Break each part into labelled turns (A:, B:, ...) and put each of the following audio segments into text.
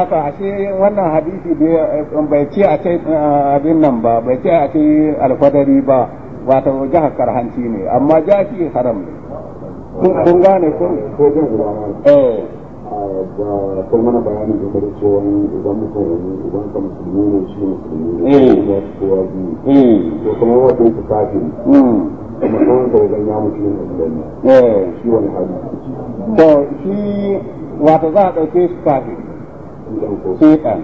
A: haka ashe wannan hadisi eh, bai ce a ce eh, abin nan ba bai ce a ce alfadari ba wata wato jihar karhanci ne amma shi haram ne kun gane eh. ah, kun ko zan guda eh da mana bayanin da kare cewa idan mutum yanzu idan ka musulmi ne shi musulmi ne ya kowa biyu to kuma wata yake kafin hmm. kuma da ya mutu ne eh shi wani hadisi to shi wato za a ɗauke shi kafin fiqan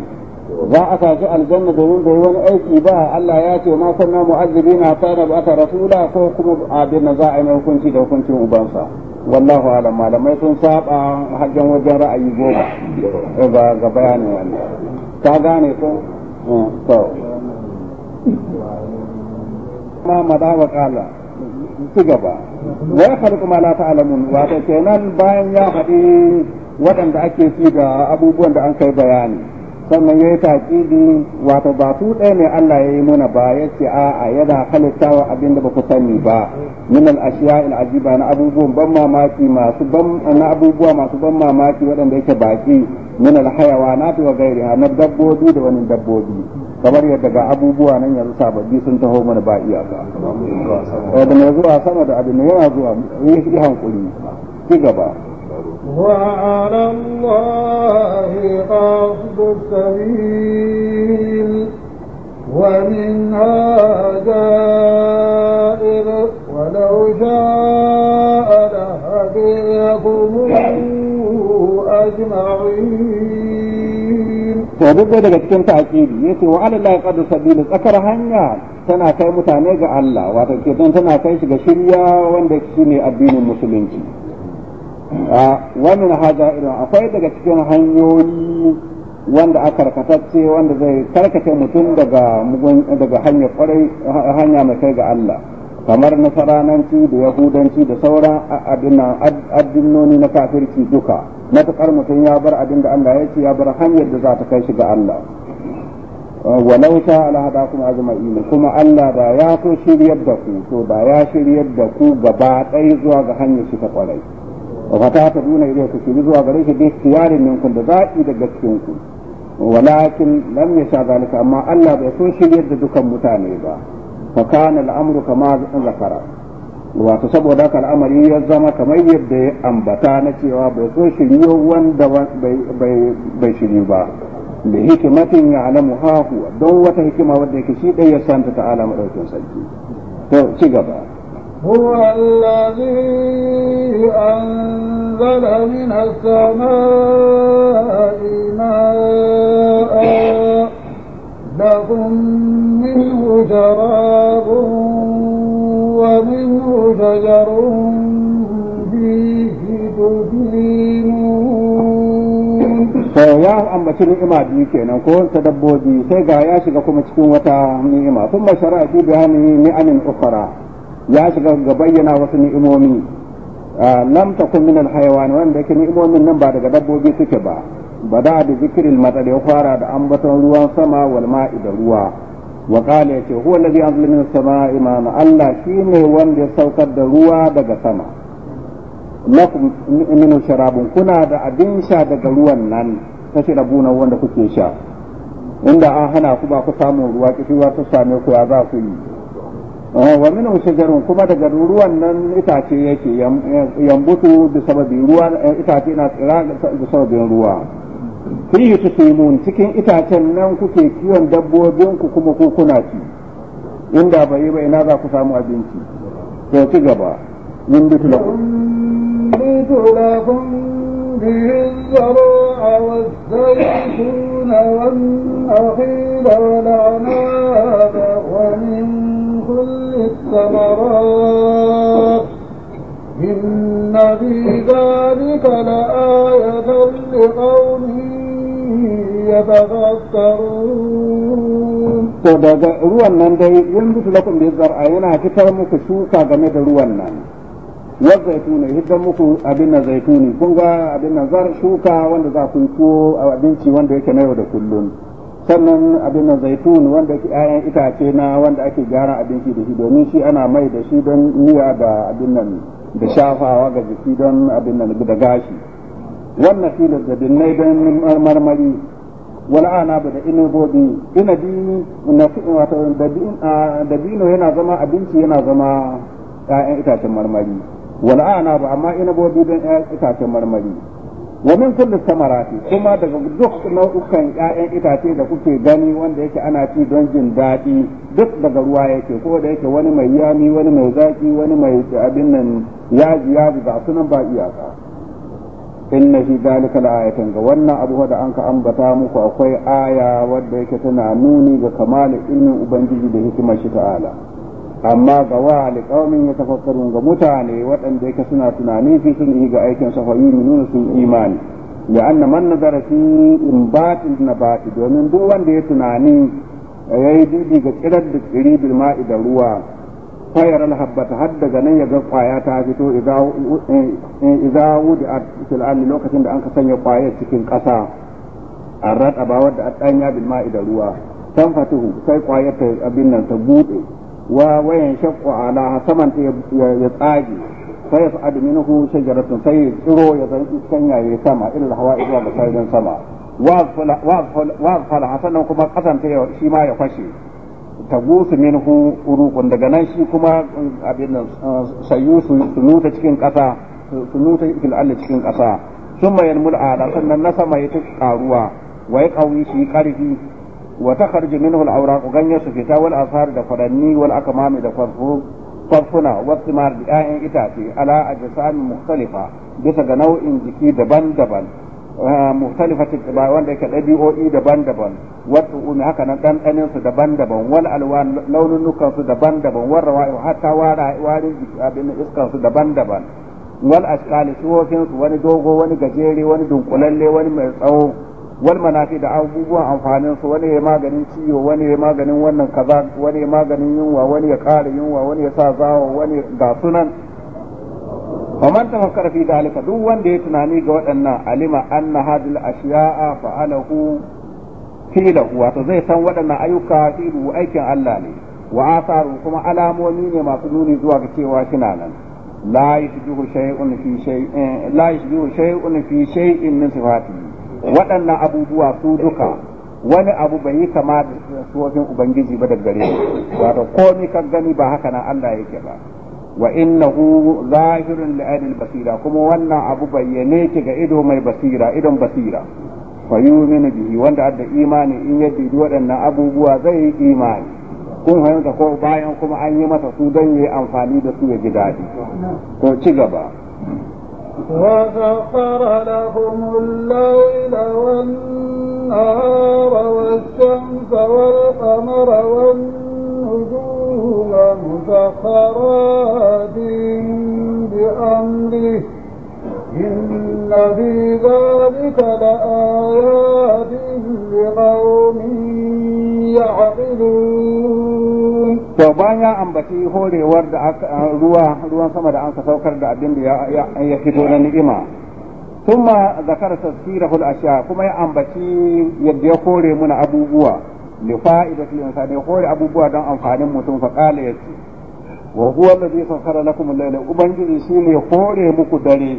A: za a sashi aljanna domin bai wani aiki ba Allah ya ce ma kunna na ta na rasula ko kuma abin da za a yi hukunci da hukuncin ubansa wallahu alam malamai sun saba hajjan wajen ra'ayi goma eh, ga bayanin wannan ka gane ko eh, to ma mada wa kala ci gaba wa yakhluqu ma la ta'lamun wa kenan bayan ya faɗi waɗanda ake fi ga abubuwan da an kai bayani sannan ya yi taƙidi wato ba su ɗaya ne Allah ya yi muna ba ya ce a yana halittawa abin da ba ku sani ba min al-ashiya al-ajiba na abubuwan ban mamaki masu ban na abubuwa masu ban mamaki waɗanda yake baki min al-hayawanati wa ghayriha na dabbobi da wani dabbobi kamar yadda ga abubuwa nan yanzu sababbi sun taho mana ba iyaka da mai zuwa sama da abin yana zuwa yi hankuli ci gaba
B: وعلى wani قصد السبيل ومنها جائر ولو شاء لهديكم أجمعين
A: فبدا daga cikin ta'kidi yace wa ala la qad sabila tsakar hanya tana kai mutane ga Allah wato kenan tana kai shi ga shirya wanda shine addinin musulunci wannan haja irin akwai daga cikin hanyoyi wanda aka karkatacce wanda zai karkace mutum daga daga hanyar kwarai hanya mai kai ga Allah kamar nasarananci da yahudanci da sauran addinoni na kafirci duka matukar mutum ya bar abin da Allah ya ce ya bar hanyar da za ta kai shi ga Allah walau sha ala azuma'i ajma'in kuma Allah da ya so shiryar da ku to da ya shiryar da ku gaba ɗaya zuwa ga hanyar shi ta kwarai wa ta ta duna ilai ku shiru zuwa gare shi bi tiyarin minkum da za'i daga cikin ku walakin lam yasha zalika amma Allah bai so shiryar da dukan mutane ba fa kana al'amru kama zakara wato saboda haka al'amari ya zama kamar yadda ya ambata na cewa bai so shiryo wanda bai shiryu ba da hikimatin ya alamu hahu don wata hikima wadda yake shi ɗaya santa ta'ala maɗaukin sarki to ci gaba
B: هو الذي أنزل من السماء ماء لكم منه شراب ومنه شجر فيه تسلمون
A: to ya ambaci ni'ima biyu kenan ko ta dabbobi sai ga ya shiga kuma cikin wata ni'ima kuma shara'a bi hannun ni'amin ukara ya shiga ga bayyana wasu ni'imomi ah, lam takun min alhayawan wanda yake ni'imomin nan ba daga dabbobi suke ba bada da zikril matsar ya fara da ambaton ruwan sama wal ma'i da ruwa wa qala yace huwa alladhi anzala min samai ma Allah shine wanda ya saukar da ruwa daga sama lakum min sharabun kuna da abin sha daga ruwan nan tashi rabuna wanda kuke sha inda an hana ku ba ku samu ruwa kishiwa ta same ku ya za ku yi Eh, wa minhu shajarun kuma daga ruwan nan itace yake yambutu da sababin ruwa eh, itace na tsira da sababin ruwa fihi tusimun cikin itacen nan kuke kiwon dabbobin ku kuma ku kuna ci inda bai ba ina za ku samu abinci to ci gaba min bitulakum
B: bitulakum به الزرع والزيتون والنخيل والعناب ومن ثمرات إن في ذلك لآية لقوم
A: To daga ruwan nan dai yin mutu kun bi zar'a yana fitar muku shuka game da ruwan nan. Wasu zaituni hidda muku abin na zaituni kun ga abin nan zar shuka wanda za ku yi ko abinci wanda yake na yau da kullum. sannan abin nan zaitun wanda ke ayan itace na wanda ake gyara abinci da shi domin shi ana mai da shi don miya da abin nan da shafawa ga jiki don abin nan da gashi wannan shi da nai don marmari ana ba da inobobi inabi na wato da bino yana zama abinci yana zama 'ya'yan itacen marmari ana ba amma inabobi don 'ya'yan itacen marmari wa min kulli samarati kuma daga duk nau'ukan ƴaƴan itace da kuke gani wanda yake ana ci don jin daɗi duk daga ruwa yake ko da yake wani mai yami wani mai zaki wani mai abin nan yaji yaji ba su nan ba iyaka inna fi zalika la'ayatan ga wannan abu da anka ambata muku akwai aya wadda yake tana nuni ga kamalin ilmin ubangiji da hikimar shi ta'ala amma ga wa liƙaumin ya tafakkarun ga mutane waɗanda yake suna tunani fi sun ga aikin sa fayu nuna sun imani da an na man nazara fi in batin na bati domin duk wanda ya tunani ya yi dubi ga tsirar da tsiri bilma'i da ruwa fayar alhabbata har daga nan ya ga kwaya ta fito idza eh, wudi a ardi lokacin da an ka sanya kwaya cikin ƙasa a rada wadda an danya da ruwa tanfatuhu sai kwayar ta abin nan ta buɗe wa wayan shaqqu ala saman ta ya tsage fa yas'ad minhu shajaratun sai tsiro ya san iskan yayi sama illa hawa zuwa ga sauran sama wa fal hasanan kuma kasan ta shi ma ya fashe ta gusu uru kun daga nan shi kuma um, abin nan uh, sayu su nuta cikin kasa su nuta fil cikin kasa summa yanmul sannan na sama ya ta karuwa wai ya shi karfi وتخرج منه الأوراق وغنية سفيتا والأصهار دفرني والأكمام دفرفو farfuna wasu mar da 'ya'yan itace ala ajsami mukhtalifa bisa ga nau'in jiki daban-daban ah, mukhtalifatin tiba wanda yake ɗabi'o'i daban-daban wasu umi haka nan ɗanɗanin daban-daban wal alwan laununukan su daban-daban wal hatta warin jiki abin iskan daban-daban wal ashkali suhofin wani dogo wani gajere wani dunkulalle wani mai tsawo wal manafi da abubuwan amfanin su wani ya maganin ciwo wani ya maganin wannan kaza wani ya maganin yunwa wani ya kare yunwa wani ya sa zawo wani ga sunan fa man tafakkara fi dalika duk wanda ya tunani ga waɗannan alima anna hadil ashiya'a fa'alahu filahu wato zai san waɗannan ayyuka filu aikin Allah ne wa asaru kuma alamomi ne masu nuni zuwa ga cewa kina nan la yashbihu shay'un fi shay'in la yashbihu shay'un fi shay'in min sifatihi waɗannan abubuwa su duka wani abu bai yi kama da suwafin ubangiji ba da gare wato komi ka gani ba haka nan Allah yake ba wa innahu zahirun li basira kuma wannan abu bayyane ki ga ido mai basira idon basira fa yu'minu bihi wanda adda imani in ya waɗannan abubuwa zai yi imani kun fahimta ko bayan kuma an yi masa su don yi amfani da su ya ji daɗi to ci gaba
B: وسخر لهم الليل والنهار والشمس والقمر والنجوم مسخرات بأمره إن في ذلك لآيات لقوم يعقلون
A: to bayan ambaci horewar da ruwa ruwan sama da an ka saukar da abin da ya fito na ni'ima kuma zakar hul asha kuma ya ambaci yadda ya hore muna abubuwa li fa'idatil insani ya hore abubuwa don amfanin mutum fa qala yace wa huwa alladhi sakhara lakum al-layla ubangiji shine hore muku dare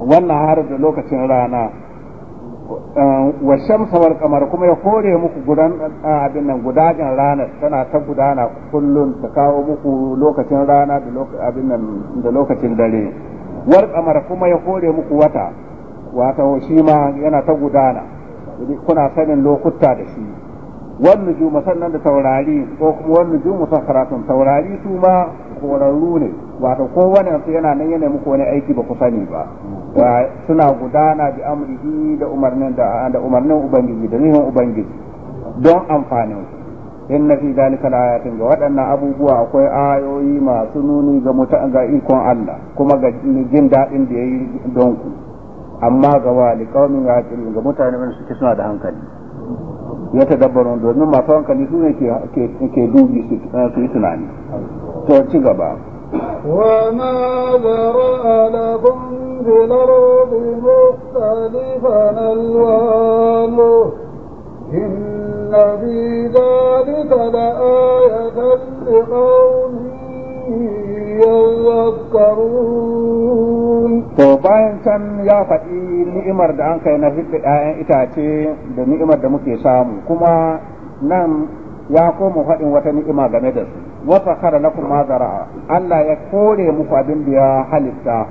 A: wannan har da lokacin rana Eh, wa samar kamar kuma ya kore muku gudan eh, abin nan gudajen rana tana ta gudana kullum ta kawo muku lokacin rana da lokacin abin nan da lokacin dare war kamar kuma ya kore muku wata wata shi ma yana ta gudana kuna sanin lokuta da shi Wannan nujum sannan da taurari ko kuma wan nujum karatun taurari su ma horarru ne wato kowane su yana nan yana muku wani aiki ba ku sani ba wa suna gudana bi amrihi da umarnin da da umarnin ubangiji da nufin ubangiji don amfanin su in na fi dalika ayatin ga waɗannan abubuwa akwai ayoyi masu nuni ga mutan ga ikon Allah kuma ga jin daɗin da yayi don ku amma ga wali qaumin yaqilun ga mutane wanda suke suna da hankali ya dabbaron domin masu hankali su ne ke dubi su yi tunani to ci gaba وما ذرأ لكم في
B: الأرض مختلفا ألوانه إن في ذلك لآية لقوم
A: To bayan can ya faɗi ni'imar da an kai na fiɗa ‘ya'yan itace da ni'imar da muke samu, kuma nan ya koma faɗin wata ni'ima game da su wata kara na kuma zara'a Allah ya kore muku abin da ya halitta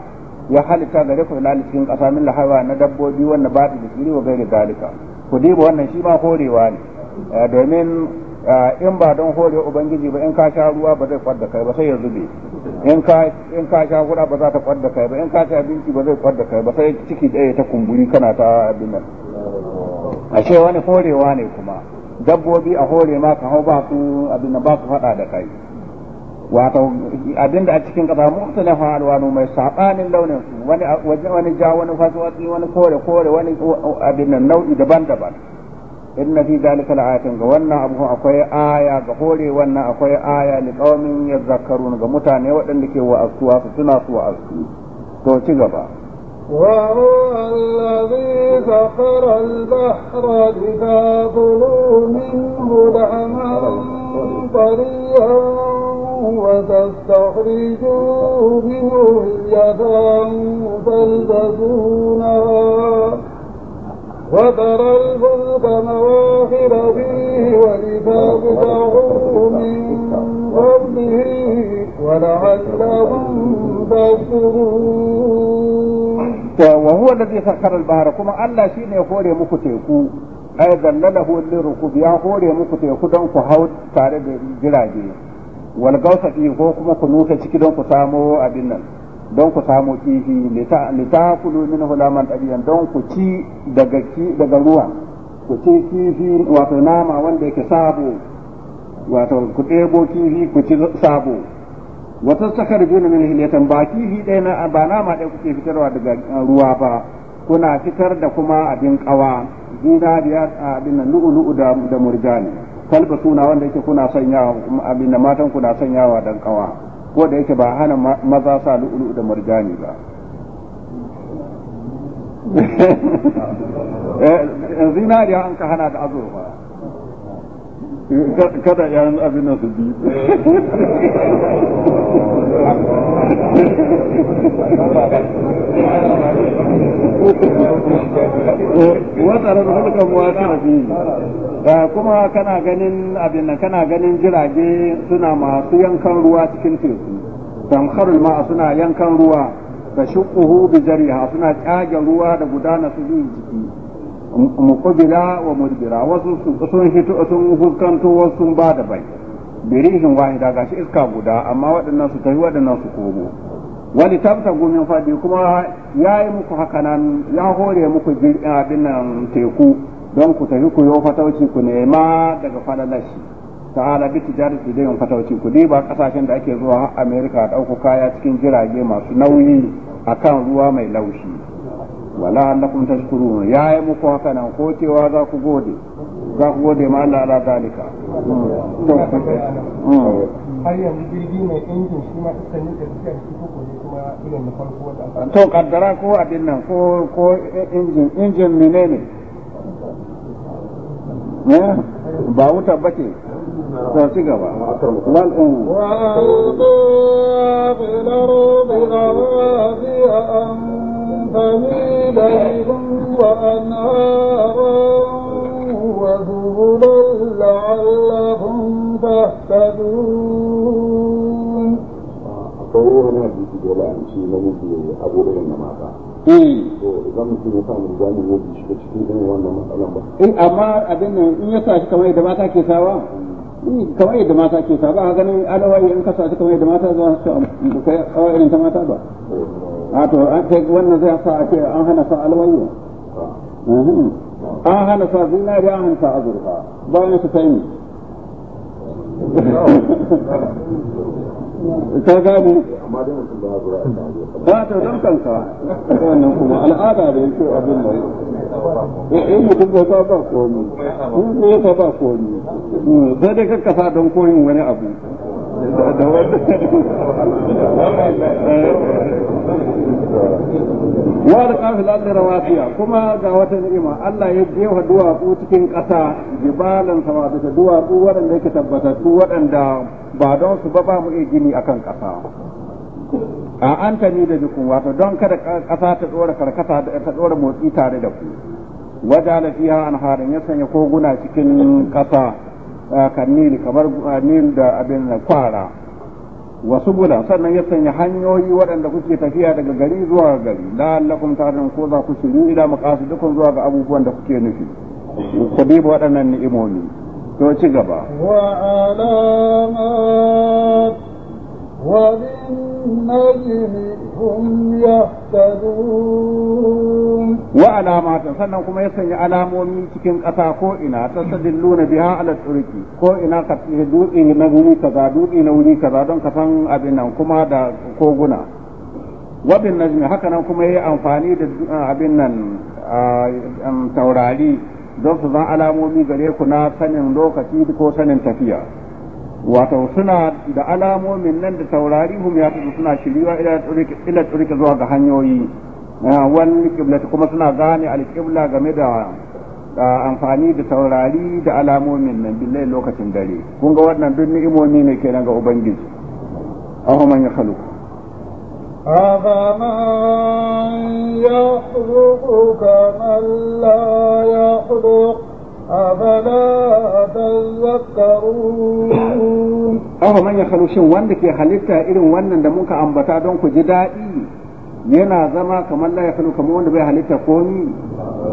A: ya halitta gare ku lalacin cikin ƙasa min lahawa na dabbobi wanda ba da jikiri wa gairi dalika ku diba wannan shi ma horewa ne eh, domin eh, in ba don hore ubangiji ba in ka sha ruwa ba zai kwadda kai ba sai ya zube in ka in ka sha kuɗa ba za ta kwadda kai ba in ka sha abinci ba zai kwadda kai ba sai ciki ɗaya ta kumburi kana ta abin nan ashe wani horewa ne kuma dabbobi a hore ma ka hau ba su abin da ba su faɗa da kai wato abin da a cikin ƙasa muhtalafa alwanu mai saɓanin launin su wani wani ja wani faswatsi wani kore kore wani abin nan nau'i daban-daban inna fi dalika la'atin ga wannan abu akwai aya ga hore wannan akwai aya li qaumin yadhakkarun ga mutane waɗanda ke wa'azuwa su tuna su wa'azu to ci gaba
B: وهو الذي سخر البحر لتأكلوا
A: sakkara al kuma Allah shi ne hore muku teku ay dallalahu lirukub ya hore muku teku don ku hau tare da jirage wal gausa ko kuma ku nuka ciki don ku samo abin nan don ku samo kifi litakulu minhu hulaman tabiyan don ku ci daga ki daga ruwa ku ci kifi wato nama wanda yake sabo wato ku ɗebo kifi ku ci sabo wata sakar na min hilyatan ba kifi ɗaya na ba nama ɗaya kuke fitarwa daga ruwa ba kuna fitar da kuma abin kawa zinariya abin nan lu'u da da murjani kalba suna wanda yake kuna sanyawa abin da matan kuna sanyawa dan kawa ko da yake ba hana maza sa lu'u da murjani ba eh, eh, zinariya an ka hana da azurfa kada yaran abin nan su bi Eh, watsarar hulkan wasira fi kuma kana ganin abin nan kana ganin jirage suna masu yankan ruwa cikin teku tamkharul ma suna yankan ruwa da shuquhu bi jariha suna kyage ruwa da gudana su zuwa jiki muqbila wa mudbira wasu sun hito sun fuskanto wasu sun ba da bai birihin wahida gashi iska guda amma waɗannan su tafi waɗannan su komo wani tabta gumin fadi kuma ya yi muku hakanan ya hore muku abin nan teku don ku tafi ku yi fatauci ku nema daga fadalashi ta hala bi tijarati da yin fatauci ku ba kasashen da ake zuwa amerika ɗauku kaya cikin jirage masu nauyi akan ruwa mai laushi wala allakum tashkuru ya yi muku hakanan ko cewa za ku gode za ku gode ma Allah ala zalika hmm. Hmm. har yanzu jirgi mai injin shi ma iskar ne da suka shi ko ne kuma irin na farko wanda to kaddara ko abin nan ko ko injin injin eh? ba wuta ci gaba wal un um.
B: وأنهارا وذبلا لعلهم تهتدون
C: أقوله أنا أجيب جولا أن شيء مهم أبو إلنا ماذا in
A: amma abin nan in ya shi kamar yadda ke sawa kamar yadda mata ke sawa ba ganin alawai in ka sa kamar yadda mata zuwa su ba kai awa irin ta mata ba a to an kai wannan zai sa a ce an hana sa alawai an hana sa zinari an hana sa azurfa bayan su kai ne
C: ta gamu ba ta don wannan kuma al'ada da yake abin da in eh, eh, mutum
A: bai ba ba komi in bai ba hmm, komi sai dai kakkafa don koyin wani abu da wa da kafin lalle rawatiya kuma ga wata ni'ima Allah ya jefa duwatsu cikin ƙasa jibalan sama ta duwatsu waɗanda yake tabbatattu waɗanda ba don su ba ba mu iya gini akan ƙasa a an ta ni da jikun wato don kada ƙasa ta ɗora karkata ta ɗora motsi tare da ku wajen fiha an harin ya sanya koguna cikin ƙasa kan kamar nil da abin na kwara wasu guda sannan ya sanya hanyoyi waɗanda kuke tafiya daga gari zuwa gari la'allakum ta'lamun ko za ku shiru ila dukkan zuwa ga abubuwan da kuke nufi ku bi waɗannan ni'imomi to ci gaba
B: wa alamat wa bin najmi hum yahtadun wa
A: alamatan sannan kuma ya sanya alamomi cikin ƙasa ko ina ta luna biha ala turki ko ina ka dutse na wuri kaza dutse na wuri kaza don ka san abin nan kuma da koguna wabin najmi haka nan kuma yayi amfani da abin nan taurari don su zan alamomi gare ku na sanin lokaci ko sanin tafiya wato suna da alamomin nan da taurari hum ya suna shiriwa ila turki zuwa ga hanyoyi Ah, wani kibla kuma suna gane alkibla game da amfani da saurari da alamomin nan billahi lokacin dare kun ga wannan duk ni'imomi ne kenan ga ubangiji aho man ya khaluq
B: hada man ya kamar la ya khuluq
A: afala tazakkarun aho man ya khaluq shin wanda ke halitta irin wannan da muka ambata don ku ji daɗi yana zama kamar la yakalu kamar wanda bai halitta komi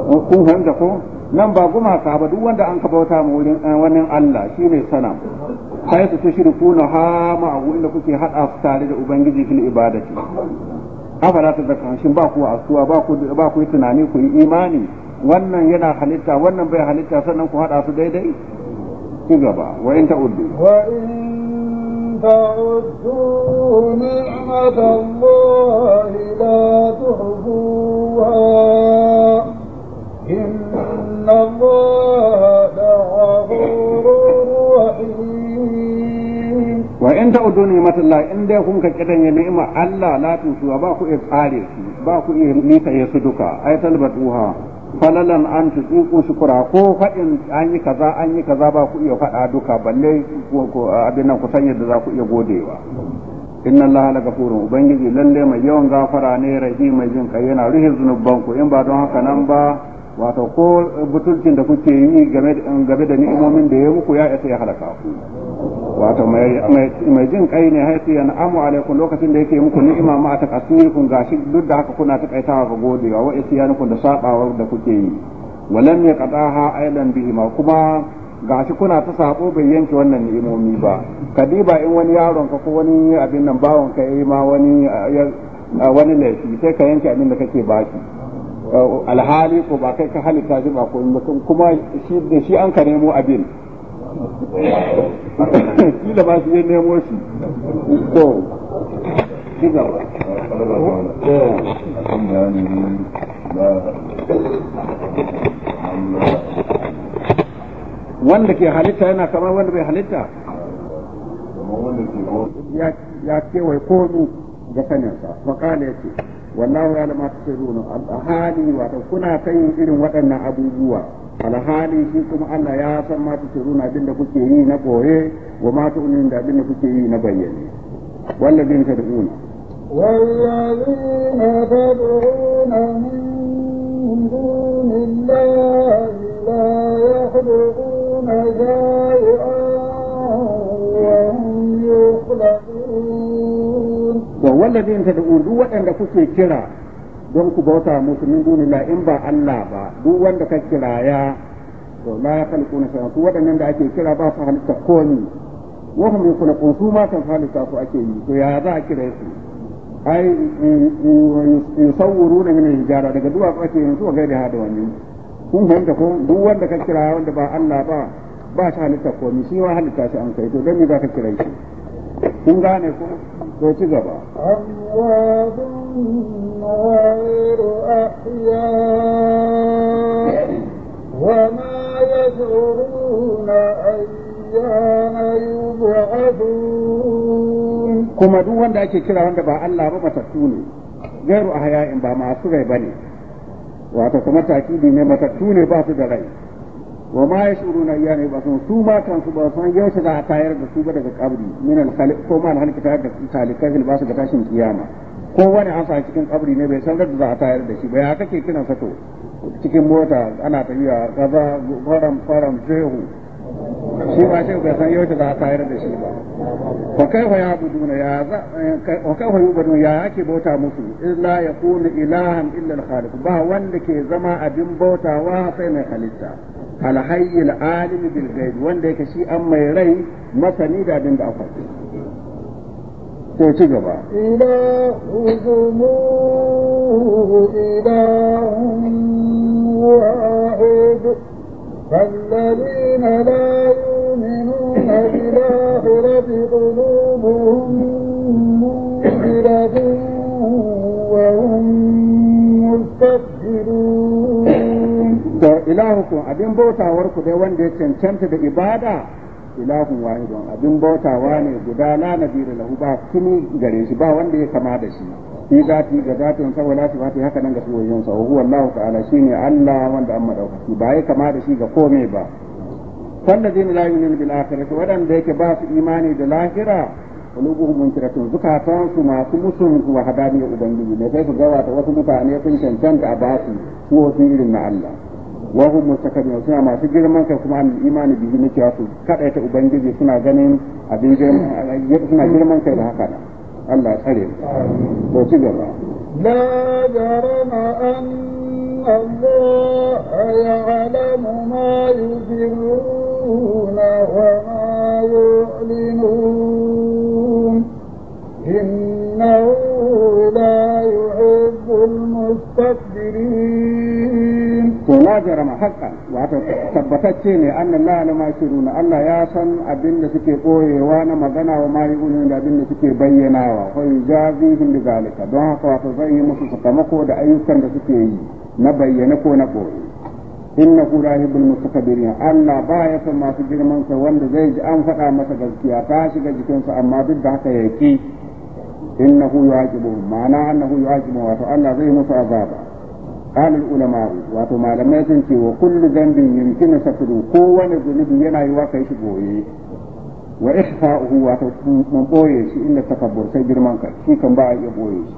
A: kun fahimta ko nan ba gumaka ba duk wanda an kabauta ma wurin eh, wani Allah shine sanam haitu kuna ha abu inda kuke hada su tare da ubangiji fil ibadati afala tazakkarun shin ba ku asuwa ba ku ba ku tunani ku yi imani wannan yana halitta wannan bai halitta sannan ku hada su daidai ku gaba wa in uddu
B: wa in تعدوا نعمة الله لا تحصوها إن
A: الله
B: لغفور رحيم
A: وإن تعدوا نعمة الله إن ديكم كتن نعمة الله لا تحصوها باكو إيه آلي باكو إيه ميتا يسدك أي تلبتوها falalan an tuku shukura ko faɗin an yi kaza an yi kaza ba ku iya faɗa duka balle abin nan ku san yadda za ku iya godewa inna allaha la gafurun ubangiji lalle mai yawan gafara ne rahim mai jin kai yana ruhin zunuban ku in ba don haka nan ba wato ko butulcin da kuke yi game da ni'imomin da ya muku ya isa ya halaka ku wato mai jin kai ne haifi yana amu alaikum lokacin da yake muku ni'ima ma ta kasunikum gashi duk da haka kuna ta kaitawa ga godewa wa isyanukum da sabawa da kuke yi walam ya qadaha aidan ma kuma gashi kuna ta sabo bai yanke wannan ni'imomi ba kadiba in wani yaron ka ko wani abin nan bawon ka yayi ma wani wani laifi sai ka yanke abin da kake baki alhali ko ba kai ka halitta shi ba kuma shi an ka nemo abin kila ba su yi nemo shi to wanda ke halitta yana kamar wanda bai halitta ya kewaye komi ga kanyarsa faƙala ya ce wallahu ya lamata sirruna alhali wata kuna ta yin irin waɗannan abubuwa alhali shi kuma Allah ya san ma ta turuna abinda kuke yi na boye wa ma ta unin da abinda kuke yi na bayyane wallazin ta turuna
B: wallazin ta turuna min dunillahi la yahduruna shay'an wa hum yukhlaqun
A: wa wallazin ta turuna duk waɗanda kuke kira don ku bauta musu min la in ba Allah ba duk wanda ka ya to la na shay'an ku wadannan da ake kira ba su halitta komi wa hum yakhluqun su ma ta halitta ku ake yi to ya za a kira su ai ne min jara daga ku ake yin su ga da hada wani kun fahimta ko duk wanda ka kira wanda ba Allah ba ba ta halitta komi shi wa halitta shi an kai to dan ba za ka kira shi kun gane ku. ko ci gaba Kuma duk wanda ake kira wanda ba Allah ba matattu ne gairu a haya'in ba masu rai ba bane wato kuma takidi ne matattu ne ba su da rai wa ma yashuruna ba yub'athun su ma kansu ba san yaushe za a tayar da su ba daga kabri min al-khaliq ko ma al-khaliq tayar da talikai ba su ga tashin kiyama ko wani an sa cikin kabri ne bai san da za a tayar da shi ba ya kake kiran sa to cikin mota ana tafiya kaza faram faram shehu shi ba shehu bai san yaushe za a tayar da shi ba wa kaifa ya buduna ya za wa kaifa yubuduna ya ake bauta musu illa yakunu ilahan illa al-khaliq ba wanda ke zama abin bautawa sai mai halitta alhayyul alimi bil ghaib wanda yake shi an mai rai masani da abin da aka to ci gaba
B: ila uzumu ila wa'id فالذين لا يؤمنون بالآخرة قلوبهم منكرة وهم مستكبرون
A: ilahu abin bautawar ku dai wanda ya cancanta da ibada ilahun wahidun abin bautawa ne guda la nabira lahu ba kini gare shi ba wanda ya kama da shi fi zati ga zatin sa wala sifati haka nan ga suwayen sa huwa allahu ta'ala shine Allah wanda an madaukaki ba ya kama da shi ga komai ba wallazina la yu'minu bil akhirati wadanda yake ba su imani da lahira qulubuhum munkiratun zukatan su masu musun wa hadaniyar ubangiji ne sai su ta wasu mutane sun cancanta a basu ko sun irin na Allah wa hum mustakbirun suna masu girman kai kuma an imani bihi na cewa su kada ta ubangiji suna ganin abin girman suna girman kai da haka nan Allah ya tsare to ci gaba
B: la jarama an Allah ya'lamu ma yusirruna wa ma yu'linun innahu la yuhibbul mustakbirin to la jarama haqqan
A: wato tabbatacce ne anna la la makiruna Allah ya san abin da suke koyewa na magana wa ma'ikun da abin da suke bayyanawa fa yujazihim bi zalika don haka wato zai yi musu sakamako da ayyukan da suke yi na bayyana ko na koyi inna ku rahibul mustaqbirin Allah ba ya san masu girman sa wanda zai ji an faɗa masa gaskiya ta shiga jikinsa amma duk da haka yaki innahu yu'aqibuhum ma'ana annahu yu'aqibuhum wato Allah zai musu azaba قال العلماء واتو ما لما يسنتي وكل ذنب يمكن سفره كو ذنب ينا يواقع شبوه وإخفاؤه واتو مبويش إلا التكبر سيجر منك شيكا باع يبويش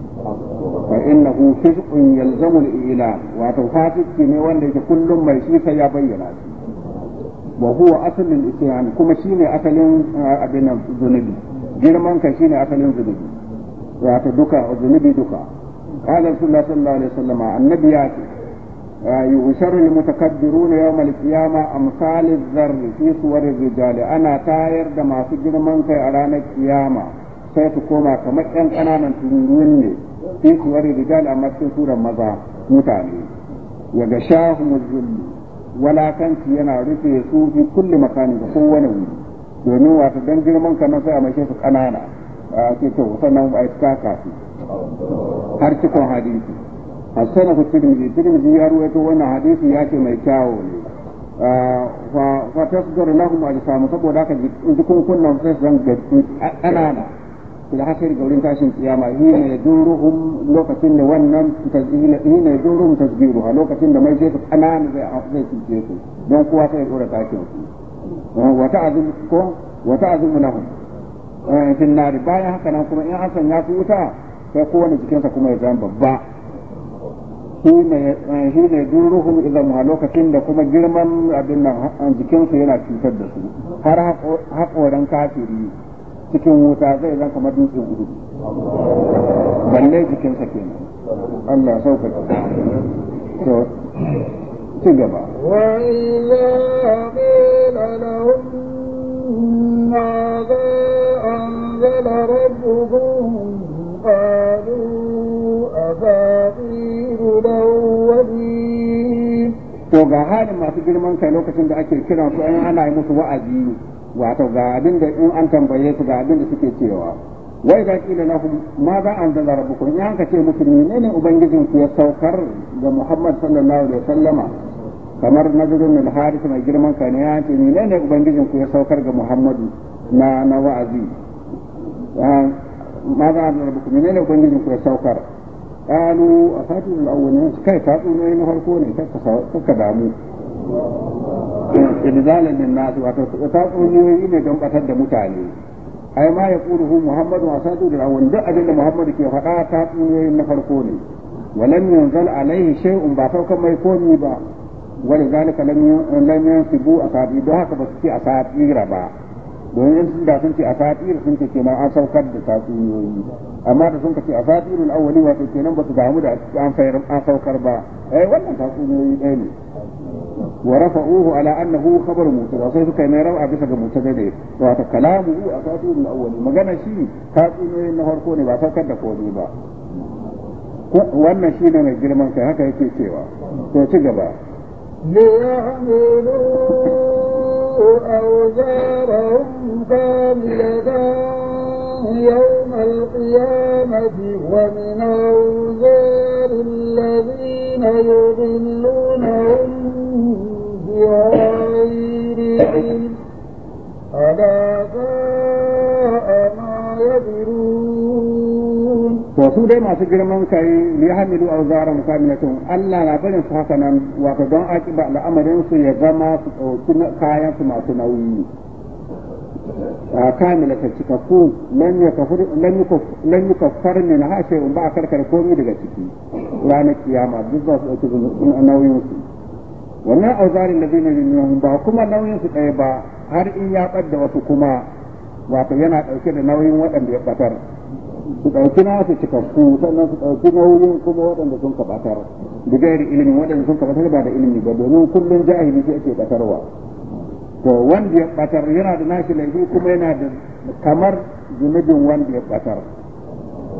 A: فإنه فسق يلزم الإعلام واتو فاسق كيني وان كل ما يشيك يبين وهو أصل الإتيان كما شيني أصل أبنا ذنبي جرمان كشيني أصل ذنبي واتو دكا ذنبي دكا قال رسول الله صلى الله عليه وسلم النبي ياتي يبشر المتكبرون يوم القيامة أمثال الذر في صور الرجال أنا تاير دما في جرمان في أران القيامة سيتكوما كما أن أنا تنجوني في صور الرجال أما في صور مزا متاني وغشاهم الذل ولا كانت ينا رفي في كل مكان قوة نوي domin wata dan girman ka na sai a mashe su ƙanana a ce to sannan ba a yi kaka su har cikon hadisi hassana ku ya ruwaito wannan hadisi ya ce mai kyawo ne ah, fa tasgaru lahum ajsamu saboda haka da hasir tashin kiyama duruhum lokacin wannan da mai su zai zai don kowa sai ya ah, wata azum ko wata azum lahum ah, nari bayan haka kuma in hasan ya su wuta sai kowane jikinsa kuma ya zama babba shi ne duruhun izamuwa lokacin da kuma girman abin nan eh, jikinsu yana cutar da su har haƙoran kafiri cikin wuta zai zan kamar dutsen gudu balle jikinsa kenan Allah ya sauƙaƙe to ci gaba
B: وإذا قيل لهم ماذا أنزل ربكم
A: to ga halin masu girman kai lokacin da ake kiran su an ana yi musu wa'azi wato ga abin da in an tambaye su ga abin da suke cewa wai da kila lahum ma za an zala rabbuku in an kace musu menene ubangijin ku ya saukar ga Muhammad sallallahu alaihi wasallama kamar nazarin min haris mai girman kai ne ya ce menene ubangijin ku ya saukar ga Muhammadu na na wa'azi ah, ma ba da rabu kuma ne ubangijin ku ya saukar qalu afatul awwalin kai ta tsoro ne farko ne kaka damu ibzalan lin nas wato ta tsoro ne don batar da mutane ai ma ya kuru muhammadu asadu da awwal duk abin da muhammadu ke faɗa ta tsoro na farko ne walam yanzal alaihi shay'un ba saukan mai komi ba a لم لم ba أصابعهم هكذا في أساطير ba. domin sun da sun ce a fatir sun ce ma an saukar da tatsuniyoyi amma da sun ce a fatirul awwali wato nan ba su damu da an saukar ba eh wannan tatsuniyoyi ɗaya ne wa rafa'uhu ala annahu khabar mutada sai suka yi mai rawa bisa ga mutada da wato kalamu a fatirul awwali magana shi tatsuniyoyin na farko ne ba saukar da komai ba wannan shi ne mai girman kai haka yake cewa to ci gaba ليحملوا
B: أوزارهم كاملة يوم القيامة ومن أوزار الذين يضلونهم بغير علم ألا
A: to su dai masu girman kai li hamilu awzaran kamilatun Allah na barin su haka nan wato don akiba al'amarin su ya zama su dauki kayan su masu nauyi a kamilatan cikakku lan yi kafar na ha in ba a karkar komi daga ciki ranar kiyama duk za su dauki nauyin su wannan auzarin da zai ne ba kuma nauyin su ɗaya ba har in ya ɓadda wasu kuma wato yana ɗauke da nauyin waɗanda ya ɓatar su ɗauki nasu cikakku sannan su ɗauki nauyin kuma waɗanda sun kaɓatar bugayar ilimin waɗanda sun batar ba da ilimi ba domin kullum jahili su ake batarwa to wanda ya batar yana da nashi laifi kuma yana da kamar zunubin wanda ya da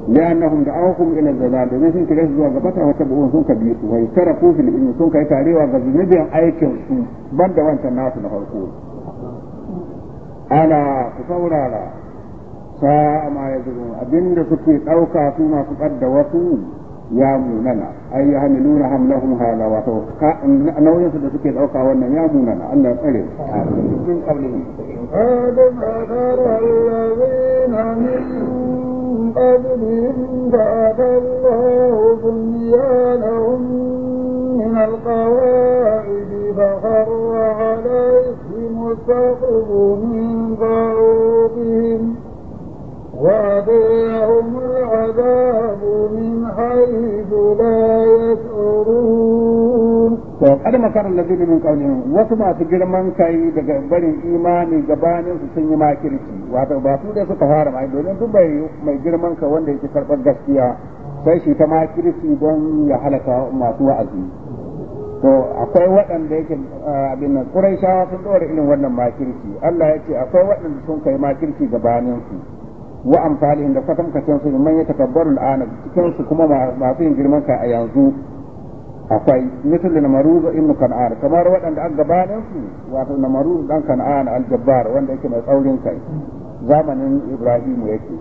A: li'annahum da'awakum ila zalal domin sun kire su zuwa ga bata wata buhun sun kabi wai tara ku fil ilmi sun kai tarewa ga zunubin aikin su da wancan nasu na farko ala ku saurara sa ya abinda suke ɗauka su masu ɓadda wasu ya munana ai ya hamiluna hamlahum hala wato nauyin su da suke ɗauka wannan ya munana Allah ya tsare min qablihim
B: qad zakara allazina min qablihim ba'da Allahu bunyanahum min alqawaid fa kharra alayhim saqfu min fawqihim وأتاهم العذاب من حيث
A: لا يشعرون to kad makarar da zai min kaunin wasu masu girman kai daga barin imani gabanin su sun yi makirci wato ba su da suka fara mai domin duk bai mai girman kai wanda yake karɓar gaskiya sai shi ta makirci don ya halaka masu wa'azi to akwai waɗanda yake abin nan quraishawa sun ɗora irin wannan makirci Allah ya ce akwai waɗanda sun kai makirci gabanin su wa amsalihim da kwatan kacin su man ya takabbaru al'ana cikin su kuma masu yin girman kai a yanzu akwai misal na maruzu ibn kan'an kamar waɗanda an gabanin su wato na dan kan'an al-jabbar wanda yake mai tsaurin kai zamanin ibrahimu yake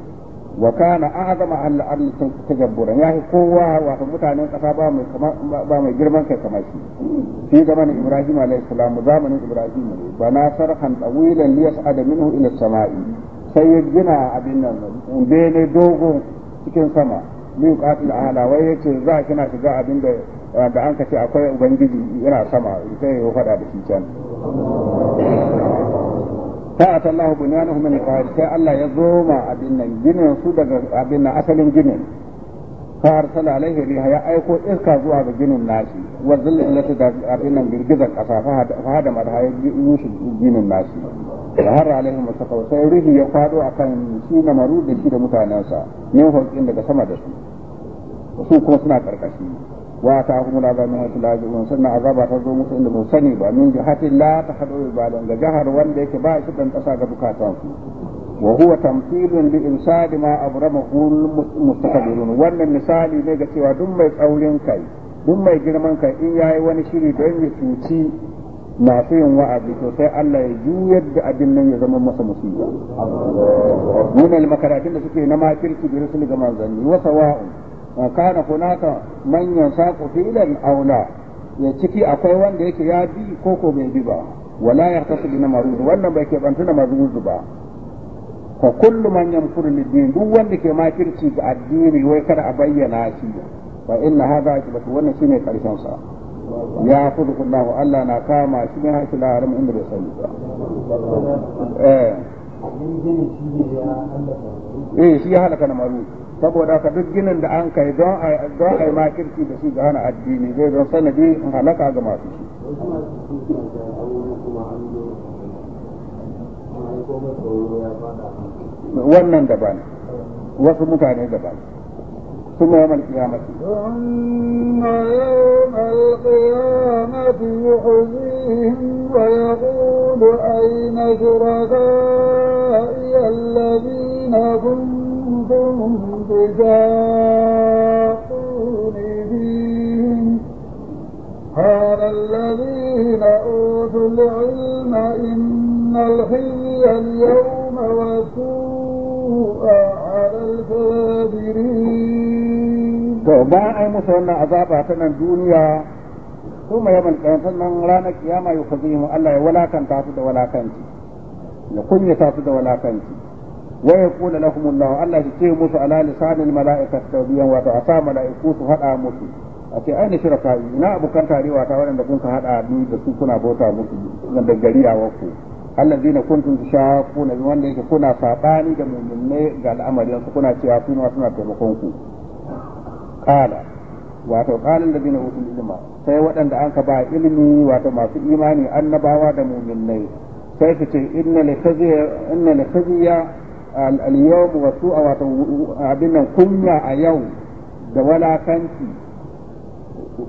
A: wa kana a'zama ahli al-ardi tajabburan yahi kowa wato mutanen kasa ba mai ba mai girman kai kamar shi shi zamanin ibrahim alayhi salam zamanin ibrahim ne bana sarhan tawilan liyas'ada minhu ila samai sai ya gina abin nan bene dogo cikin sama mai katil ala wai ya ce za na shiga abin da da an kace akwai ubangiji yana sama sai ya fada da shi can ta Allah bunyanuhum min qawaid sai Allah ya zoma abin nan ginin su daga abin nan asalin ginin fa arsala alaihi riha ya aiko iska zuwa ga ginin nashi wa zillati da abin nan girgizar kasa fa hada madha ya ginin nashi da har alaihi masakau sai ruhi ya fado akan shi na maru da shi da mutanensa yin hulkin daga sama da su su kuma suna karkashi wa ta hukuma da hukumar azamin wasu lajiun sannan azaba ta zo musu inda ba sani ba min jihatin la ta haɗo ibadan da jihar wanda yake ba shi ɗan ƙasa ga bukatansu wa huwa tamthilun bi imsadi ma abramahu mustaqbilun wannan misali ne ga cewa dun mai tsaurin kai dun mai girman kai in yayi wani shiri don ya cuci masu yin wa'azi to sai Allah ya juyar da abin nan ya zama masa musiba munal makarantun da suke na makirci bi rusul ga manzanni wa sawa'un kana hunaka man yansaqu filan aw la ya ciki akwai wanda yake ya bi ko ko bai bi ba wala yahtasu bi marud wannan bai ke bantuna marud ba Ka kullu man yamkuru lid-din duk wanda ke makirci ga addini wai kada a bayyana shi fa inna hadha akibatu wannan shine karshen sa ya kudu kullahu Allah na kama shi ne haƙi laharin inda bai sani ba. Eh. eh shi ya halaka na maru saboda ka duk ginin da an kai don a yi makirci da shi ga hana addini zai don sanadi in halaka ga masu shi.
C: Wannan daban
A: wasu mutane daban. ثم يوم القيامة ثم يوم القيامة
B: يحزيهم ويقول أين شركائي الذين كنتم تجاءون فيهم قال الذين أوتوا العلم إن الخزي اليوم والسوء to a yi
A: musu wannan azaba ta nan duniya su kuma yaman ɗayan sannan ranar kiyama yau kazi mu Allah ya walakanta su da walakanci ya kunyata su da walakanci wa ya kula na kuma Allah Allah ya ce musu ala lisanil mala'ika tawbiyan wato a sa mala'iku su haɗa musu a ce ai ne shirka ina abokan tarewa ta waɗanda kun ka haɗa ni da su kuna bauta musu da gari a wakku allazina kuntum tushaqquna bi wanda yake kuna sabani da mu'minai ga al'amarin su kuna cewa su ma suna taimakon ku qala wato qala allazina utul ilma sai waɗanda an ka ba ilimi wato masu imani annabawa da mu'minai sai su ce inna li khazya inna li khazya al-yawm wa su'a wato abin nan kunya a yau da walakanci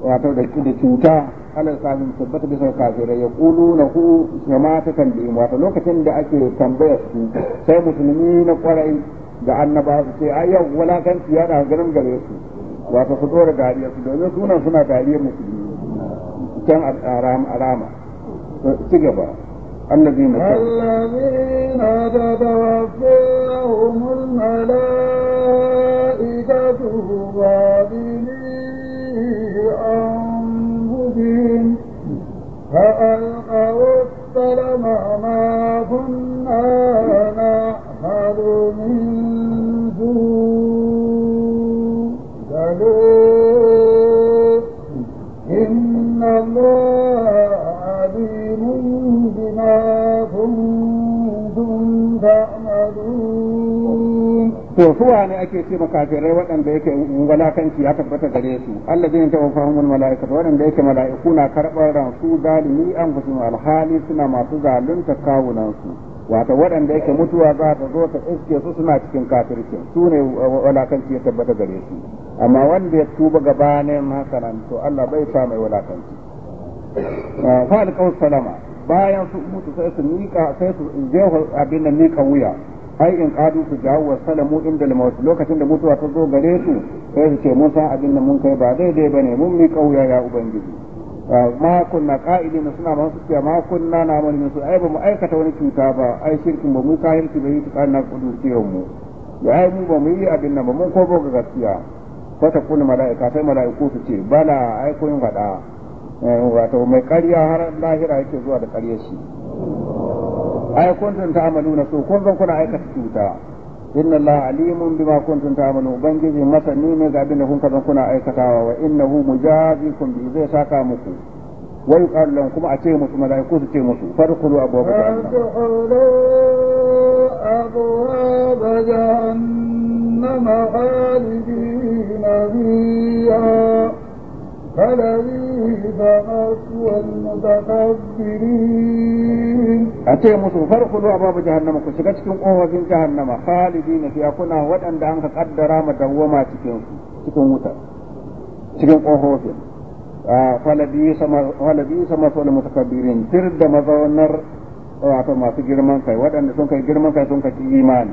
A: wato da cuta alal kafin tabbata bisa kafira ya kulu na ku shama ta tambayin wato lokacin da ake tambayar su sai musulmi na kwarai da annaba su ce ai yau wulakanci ya da ganin gare su wato su dora dariya su domin suna suna dariyar musulmi can alama, ci gaba الذين
B: الذين تتوفاهم الملائكة ظالمين الرجيم فألقوا السلم ما كنا نعمل من
A: to su ne ake ce makafirai waɗanda yake walakanci ya tabbata gare su Allah zai ta wafa mun mala'ikatu waɗanda yake mala'iku na karɓar ran su zalimi an fusu alhali suna masu zalunta kawunan su wato waɗanda yake mutuwa za ta zo ta iske su suna cikin kafircin su ne walakanci ya tabbata gare su amma wanda ya tuba gabanin haka to Allah bai sa mai walakanci ah, fa alqaus salama bayan su mutu sai su mika sai su je abin da mika wuya ai in kadu su jawo wa salamu inda al lokacin da mutuwa ta zo gare su sai su ce mun san abin da mun kai ba daidai bane mun mi kauya ya ubangiji ah, ma kunna qa'ilin suna ba su cewa ma kunna na mun su ai ba mu aikata wani cuta ba ai shirkin ba mu kafirci bai su kana kudu ciyon mu ya ai mu ba mu yi abin nan ba mun ko ga gaskiya ko ta kuna mala'ika sai mala'iku su ce bala ai kun faɗa eh, wato mai ƙarya har lahira yake zuwa da ƙaryar shi ai kuntum na so kun zan kuna aikata cuta inna allaha alimun bima kuntum ta'malun ubangiji masani ne ga abin da kun zan kuna aikatawa wa innahu mujazikum bi zai saka muku wa kuma a ce musu malaiku su ce musu farqulu abwaaba jahannam
B: jahannama khalidina fiha
A: a ce musu farko zuwa babu jahannama ku shiga cikin ƙofofin jahannama halidi na fiya kuna waɗanda an ka ƙaddara madawwama cikin wuta cikin ƙofofin falabi sama sole mutakabirin tir da mazaunar wato masu girman kai waɗanda sun kai girman kai sun kaci imani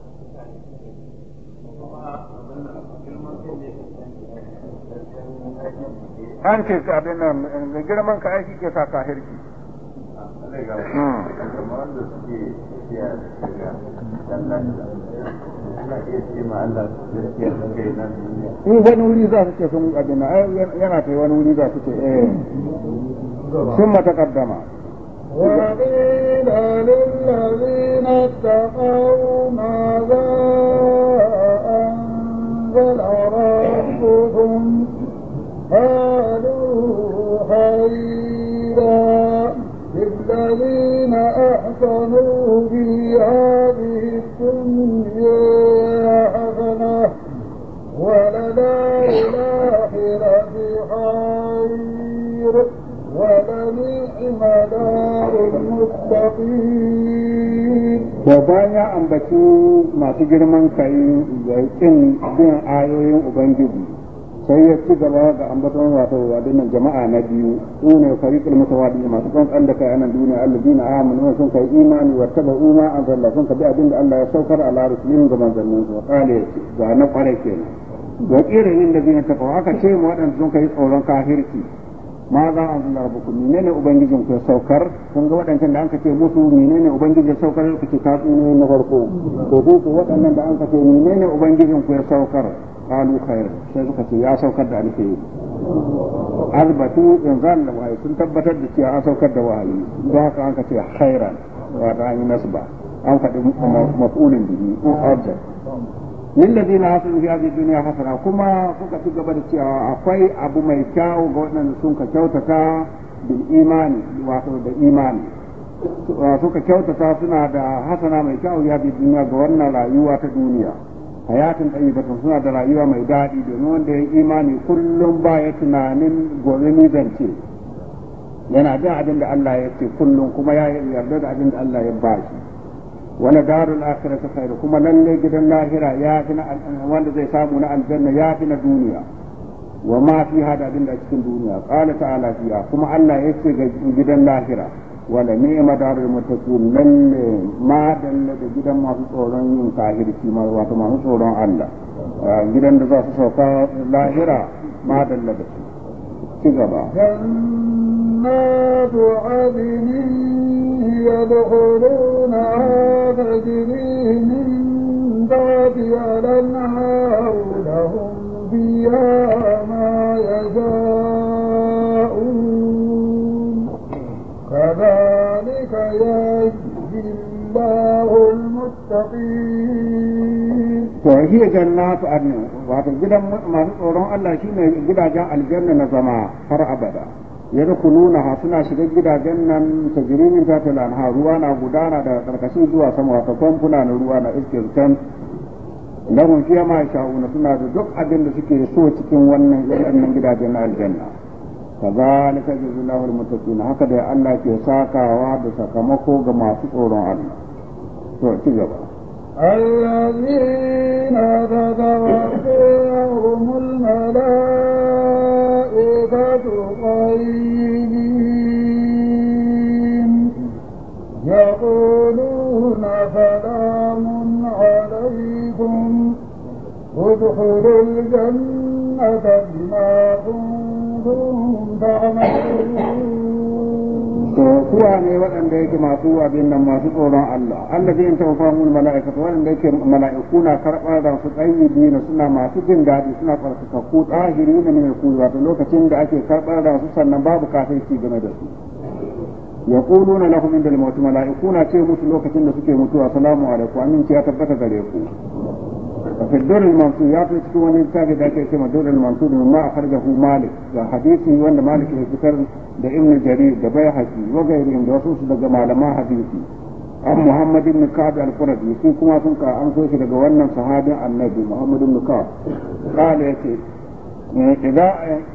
A: an ce abin nan girman ka aiki ke sa kahirki hmm. in wani wuri za su ce sun abin nan yana ta wani wuri za su ce eh sun matakaddama
B: وقيل للذين اتقوا ماذا أنزل ربكم قالوا خيرا للذين أحسنوا في هذه الدنيا حسنة ولدار الآخرة خير ولنعم دار المتقين
A: da bayan ambaci masu girman kai da kin bin ayoyin Ubangiji sai ya ci gaba da ambaton wato wadannan jama'a na biyu sune ne fariqul mutawadi masu kan da kai anan duniya alladina amanu sun kai imani wa tabu ma zalla sun kabi abin da Allah ya saukar ala rusulin ga manzannin su kale ga na kware kenan irin inda lil ta taqaw ka ce mu wadan sun kai tsoron kafirci ma za a zunar ne menene ubangijin ku saukar kun ga waɗancan da an kace musu menene ubangijin saukar ku ci katsu ne na farko to ku waɗannan da an kace menene ubangijin ku saukar qalu khair sai suka ce ya saukar da alkhairi azbatu inzan da wahayi sun tabbatar da cewa an saukar da wahayi don haka an ka ce khairan wato an yi nasba an faɗi maf'ulin bihi object lillazina hasanu fi hadhihi dunya hasana kuma suka ci gaba da cewa akwai abu mai kyau ga waɗanda sun ka kyautata bil imani wato da imani suka kyautata suna da hasana mai kyau ya bi duniya ga wannan rayuwa ta duniya hayatin batun suna da rayuwa mai daɗi domin wanda ya imani kullum ba ya tunanin gobe zance yana bin abin da Allah ya ce kullum kuma ya yarda da abin da Allah ya ba shi wani darul akhirah ta khairu kuma lalle gidan lahira ya fi na wanda zai samu na aljanna ya fi na duniya wa ma fi hada abin da cikin duniya qala ta'ala fiya kuma Allah ya ce ga gidan lahira wala ne ma daru mu ta ku nan ne ma dan ne da gidan masu tsoron yin kafirci ma wato masu tsoron Allah ah, gidan da za su sauka lahira ma dan ne da su ci gaba
B: jannatu adnin yadkhuluna tajri min tahti al-anhar lahum fiha ma yashaa كذلك يهدي الله المتقين
A: to hiya jannatu adna wato gidan masu tsoron Allah shine gidajen aljanna na zama har abada ha suna shiga gidajen nan ta jirimin ta ha ruwa na gudana da karkashin zuwa sama wato famfuna na ruwa na iskir can lahum fiya ma sha'una suna da duk abin da suke so cikin wannan gidajen aljanna kazalika jazallahu almuttaqin haka da Allah ke sakawa da sakamako ga masu tsoron Allah to ci gaba
B: الذين تتوفيهم الملائكة طيبين يقولون سلام عليكم ادخلوا الجنة بما كنتم
A: kuwa ne waɗanda yake masu abin nan masu tsoron Allah Allah zai yanta fa wani mala'ika waɗanda yake mala'iku na karɓar da su tsayi na suna masu jin daɗi suna ko ɗahiri na mai kuwa wato lokacin da ake karɓar da su sannan babu kafirci game da
C: su
A: yaquluna lahum indal mala'iku mala'ikuna ce musu lokacin da suke mutuwa salamu alaikum aminci ya tabbata gare ku وفي الدور المنصور يا تسكي وني تابي ذاك كما دور المنصور ما أخرجه مالك حديثي وأن مالك يذكر ده ابن جرير ده بيحكي وغيرهم ده وصوص ده جمال ما حديثي أم محمد بن كعب القرظي في كما سنكا أم سوشي ده وانا صحابي النبي محمد بن كعب قال يتي إذا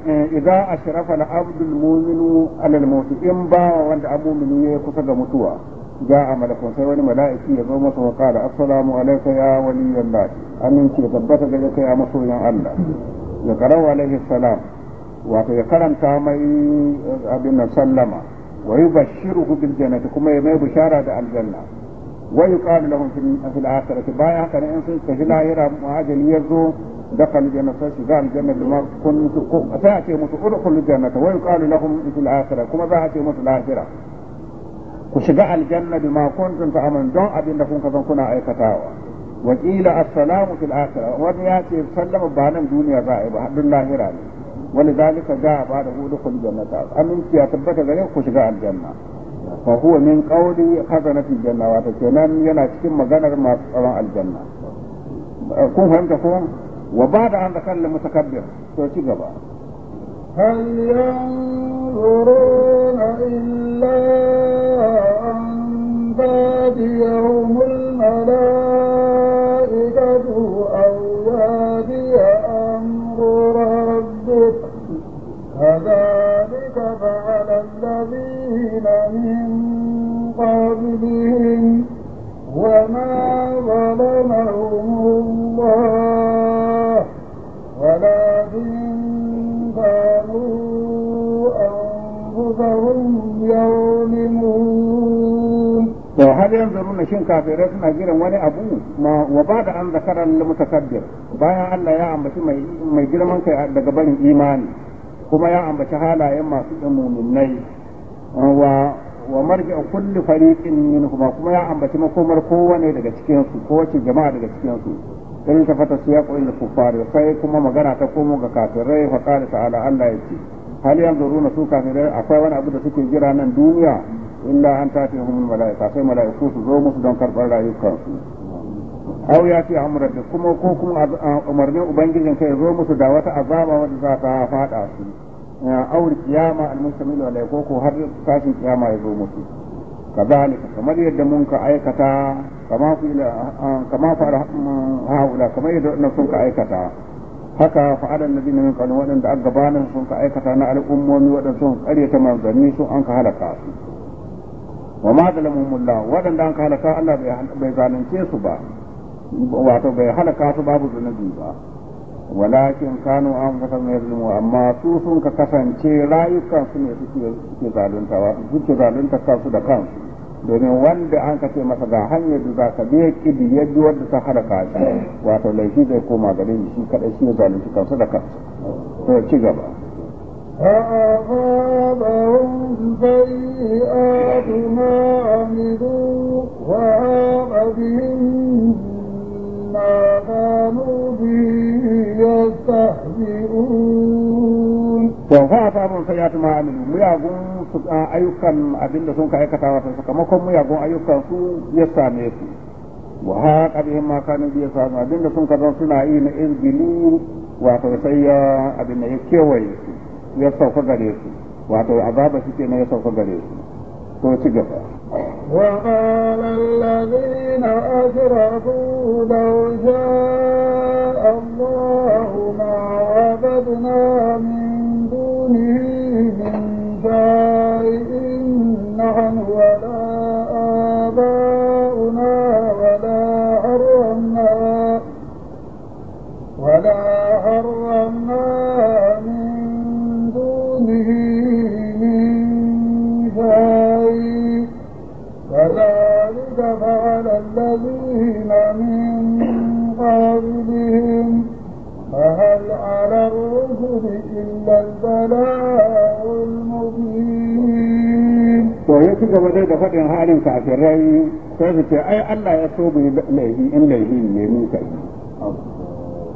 A: إذا أشرف العبد المؤمن على الموت إن باع وأنت أبو من يكفى متوى جاء ملك سيوني ملائكي يزوم وقال السلام عليك يا ولي الله أمنك يثبت لك يا مصري الله يقرأ عليه السلام ويقرأ كامي أبن سلم ويبشره بالجنة كما يمي بشارة الجنة ويقال لهم في الآخرة بايا كان إنسان كهلا يرى معاجل يزو دخل الجنة فشجاع الجنة لما كنت تأتي مسؤول الجنة ويقال لهم في الآخرة كما تأتي مسؤول الآخرة ku shiga aljanna bima kuntum ta'malun don abin da kun kuna aikatawa wa qila assalamu fil akhirah wani ya ce sallama ba nan duniya za a yi ba hadin lahira ne wani zalika ga ba da hudu kun jannata aminci ya tabbata gare ku shiga aljanna fa huwa min qawli khazanati janna wato kenan yana cikin maganar masu tsaron aljanna kun fahimta ko wa ba da an zakar mutakabbir to ci gaba
B: هل ينظرون إلا أن تأتيهم الملائكة أو يأتي أمر ربك كذلك فعل الذين من قبلهم وما ظلمهم
A: to har yanzu nuna shin kafirai suna jiran wani abu ma wa ba da an zakarar mutakabbir bayan Allah ya ambaci mai girman kai daga barin imani kuma ya ambaci halayen masu muminai wa wa marji kulli fariqin minhum kuma ya ambaci makomar kowane daga cikin ko wace jama'a daga cikin su in ta fata su ya koyi kufari sai kuma magana ta komo ga kafirai fa qala ta'ala Allah yace hal yanzuruna su kafirai akwai wani abu da suke jira nan duniya إلا an tafi الملائكة mala'ika sai mala'iku su zo musu don يكون rayukansu يأتي ya fi وكوكم أمرني kuma ko kuma umarnin ubangijin kai zo musu da wata azaba wadda za هر fada su aw kiyama almustamil alai ko ko har كما kiyama ya كما musu kazalika kamar yadda mun ka aikata na sun ka aikata haka fa'alan wadanda aka gabanin sun ka aikata na al'ummomi wadanda sun karyata manzanni sun an ka halaka su wa ma zalamumullah waɗanda an halaka Allah bai zalunce su ba wato bai halaka su babu zunubi ba walakin kanu an fata mai zulmu amma su sun ka kasance rayukan su ne suke zaluntawa suke zalunta kansu da kansu domin wanda an ka ce masa ga hanyar da zaka ka biya kidi ya bi wanda ta halaka shi wato laifi zai koma gare shi kadai shi ya zalunci kansu da kansu to ci gaba أعاقبهم سيئات
B: ما عملوا وعاق بهم
A: ayyukan abinda sun ka aikata wata sakamakon muyagun ayyukan su ya same su wa haka ma kanu bi yasama abinda sun ka suna yi na izgili wato sai ya abinda ya kewaye su ya sauka gare su wato azaba shi kenan ya sauka gare su to ci gaba وقال
B: الذين أشركوا لو شاء الله ما عبدنا من البلاء المبين
A: to yi ci gaba dai da faɗin halin kafirai sai su ce ai Allah ya so mu in laifi ne mun kai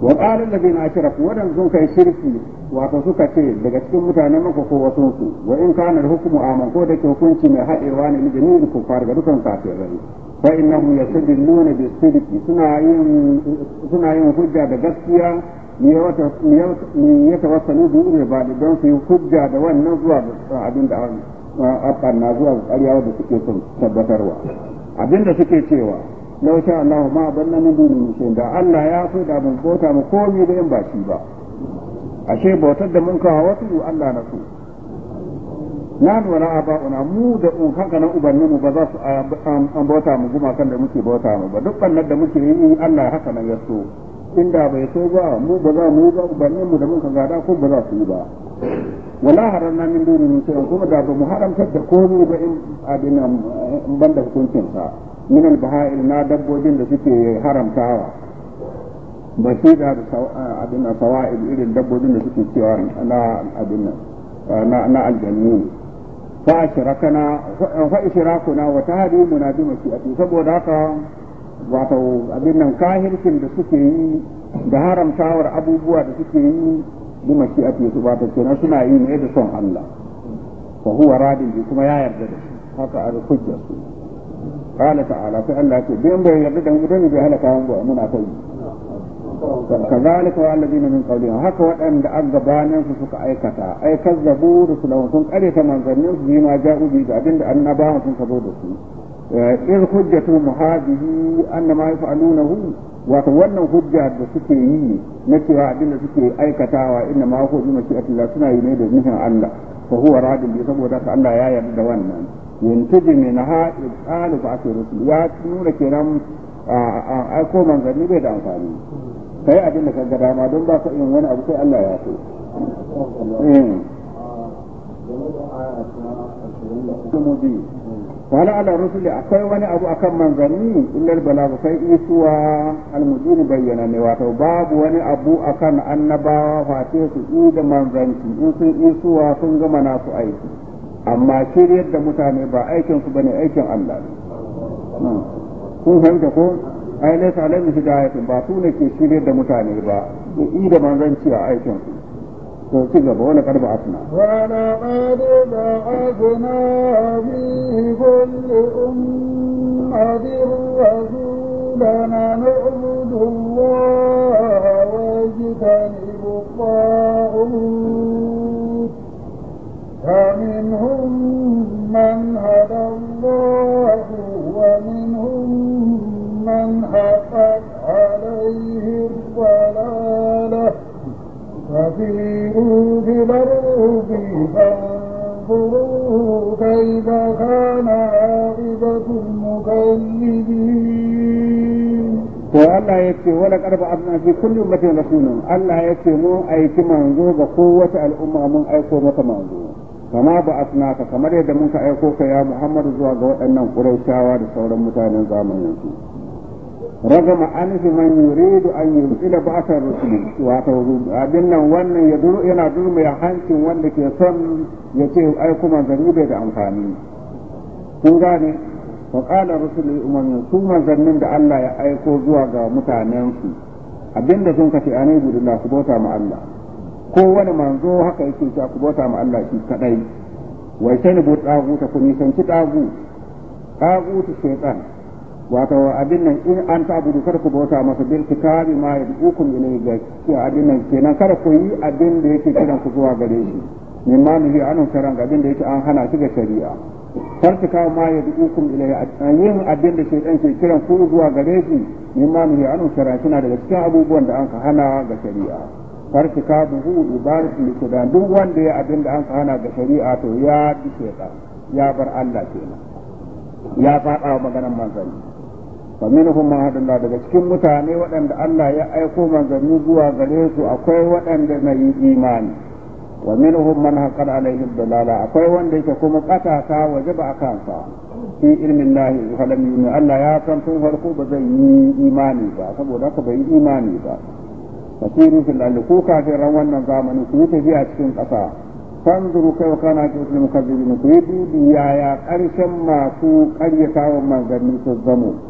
A: wa qala alladhina ashraku wa sun kai shirki wa ka suka ce daga cikin mutanen maka ko wasu su wa in kana hukumu aman ko da hukunci mai haɗewa ne ne ne ku fara ga dukan kafirai fa innahum yasdununa bi sidqi suna yin suna yin hujja da gaskiya ya ne duk ne ba da don su yi hujja da wannan zuwa da abin da na zuwa ga ƙaryawa da suke son tabbatarwa abin da suke cewa na sha Allah ma abanna min duk ne da Allah ya fi da mun bauta mu komi da yan baki ba ashe bautar da mun kawo wasu Allah na so na nuna wala aba'una mu da un haka na ubanni mu ba za su an bauta mu gumakan da muke bauta mu ba duk da muke yi Allah haka nan ya so inda bai so ba mu ba za mu ba ubannin mu da muka gada ko ba za su yi ba wala haramna min duni min shay'in kuma da ba mu haramta da komai ba in abin nan banda hukuncin sa min al baha'il na dabbobin da suke haramtawa ba shi da abin nan sawa'il irin dabbobin da suke cewa na abin nan na na aljannu fa shirakana fa shirakuna wa tahrimuna bi mashi'ati saboda haka wato abin nan kahircin da suke yi da haramtawar abubuwa da suke yi bi mashi'ati su ba ta kenan suna yi ne da son Allah fa huwa radin bi kuma ya yarda da shi haka a hujja su qala ta'ala fa Allah ce bin bai yarda da idan bai halaka mu ba muna kai kazalika wa alladhina min qawlihim haka waɗanda an gabanin su suka aikata ai kazzabu rusulahum sun kare ta manzannin su bima ja'u bi da abinda annabawa sun kazo da su Eh, in hujjatu muhadihi annama yaf'alunahu wato wannan hujja da suke yi na cewa abinda suke aikatawa inna ma huwa bi mashi'atillah suna yi ne da nufin Allah fa huwa radin bi saboda ka Allah ya yarda da wannan yantaji min ha ibqalu ba'thi rusul ya nuna kenan a ko manzanni bai da amfani kai abin da kaga dama don ba ka yin wani abu sai Allah ya so eh wala ala rusuli akwai wani abu akan manzanni illal balagu sai isuwa almudini bayyana ne wato babu wani abu akan annabawa face su yi da in sun isuwa sun gama su aiki amma shiryar da mutane ba aikin su bane aikin Allah ne hmm. kun fahimta ko ai laysa alaihim hidayatun ba su ne ke shiryar da mutane ba yi da manzanci a aikin su to ci gaba wani karba asna
B: wala qad ba'athna fi kulli ummatin rasulan na'budu Allah wa yajtanibu فمنهم من هدى الله ko
A: Allah ya ce wala karba abna Allah ya ce mu manzo ga kowace al'umma mun aiko mata manzo kama ba asna kamar yadda mun aiko ka muhammadu zuwa ga wadannan qurayshawa da sauran mutanen zamanin Raga alifi man yuridu an yursila ba'ta rusul wa ta abin nan wannan ya yana duru mai hancin wanda ke son ya ce ai kuma zanni bai da amfani kun gane fa qala rusul umman su zannin da Allah ya aiko zuwa ga mutanensu abinda da sun kace anai budullah su bauta Allah ko wani manzo haka yake ta ku bauta ma Allah shi kadai wai sai ne bauta ku ta kuni san ki tagu wato abin nan in an tabudu kada ku bauta masa bil kitabi ma yadukum ilayhi ga ku abin nan kenan kada ku yi abin da yake kiran ku zuwa gare shi min ma nuhi anu sharan abin da yake an hana shi ga shari'a fartika ma yadukum ilayhi yin abin da shaytan ke kiran ku zuwa gare shi min ma nuhi anu sharan suna daga cikin abubuwan da an ka hana ga shari'a ka buhu ibaratu da duk wanda ya abin da an ka hana ga shari'a to ya bi shaytan ya bar Allah kenan ya faɗa maganar manzanni فمنهم ما هذا daga cikin mutane waɗanda Allah ya aiko manzanni zuwa gare su akwai waɗanda yi imani wa minhum man haqqan alaihi dalala akwai wanda yake kuma kata ta ba akan sa fi ilmin lahi falam yuni Allah ya san tun farko ba zai yi imani ba saboda haka bai yi imani ba fasiru fil ardi ku wannan zamanin su yi tafiya cikin ƙasa fanzuru kai kana ki muslimu ku yi yaya ƙarshen masu karya wa manzanni su zamo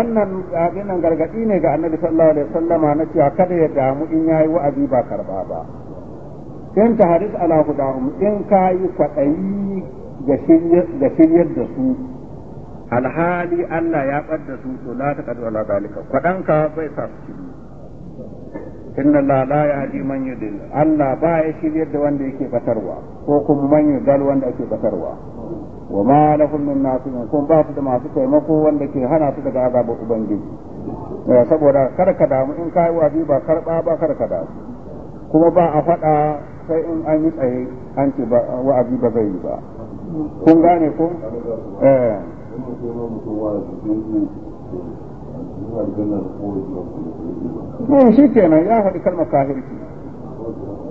A: wannan abin gargadi ne ga annabi sallallahu alaihi wasallama na cewa kada ya damu in yayi wa'azi ba karba ba in ta hadis ala hudahum in kayi kwaɗayi ga shiryar da su alhali Allah ya ɓadda su to la ta kadu ala dalika kwaɗanka bai sa su inna la la ya ji man yudil Allah ba ya shiryar da wanda yake batarwa ko kuma man yudal wanda ake batarwa wa ma lahum min nasirin kun ba su da masu taimako wanda ke hana su daga azabar ubangiji saboda kada ka damu in kai wazi ba karba ba kada ka damu kuma ba a faɗa sai in an yi tsaye an ce wa'azi ba zai yi ba
B: kun gane ku.
A: eh shi kenan ya faɗi kalmar kafirci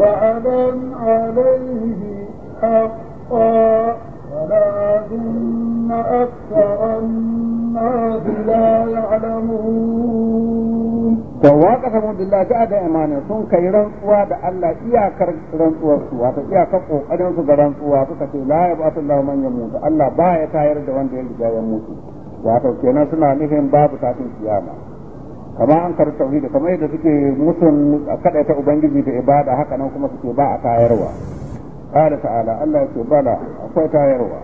B: وعدا عليه حقا ولكن أكثر الناس لا يعلمون فواقع
A: فواقسموا الله جاء إيمان سن كي رنسوا إيا كر رنسوا سوا كفو قوقدن سوا رنسوا سكتي لا يبعث الله من يموت الله باية تاير دوان دير جاي يموت واتو كينا سنا نفهم باب تاتي القيامة kama an karu tauhidi kamar yadda suke musun kada ta ubangiji da ibada haka nan kuma suke ba a tayarwa qala ta'ala Allah yake bala akwai tayarwa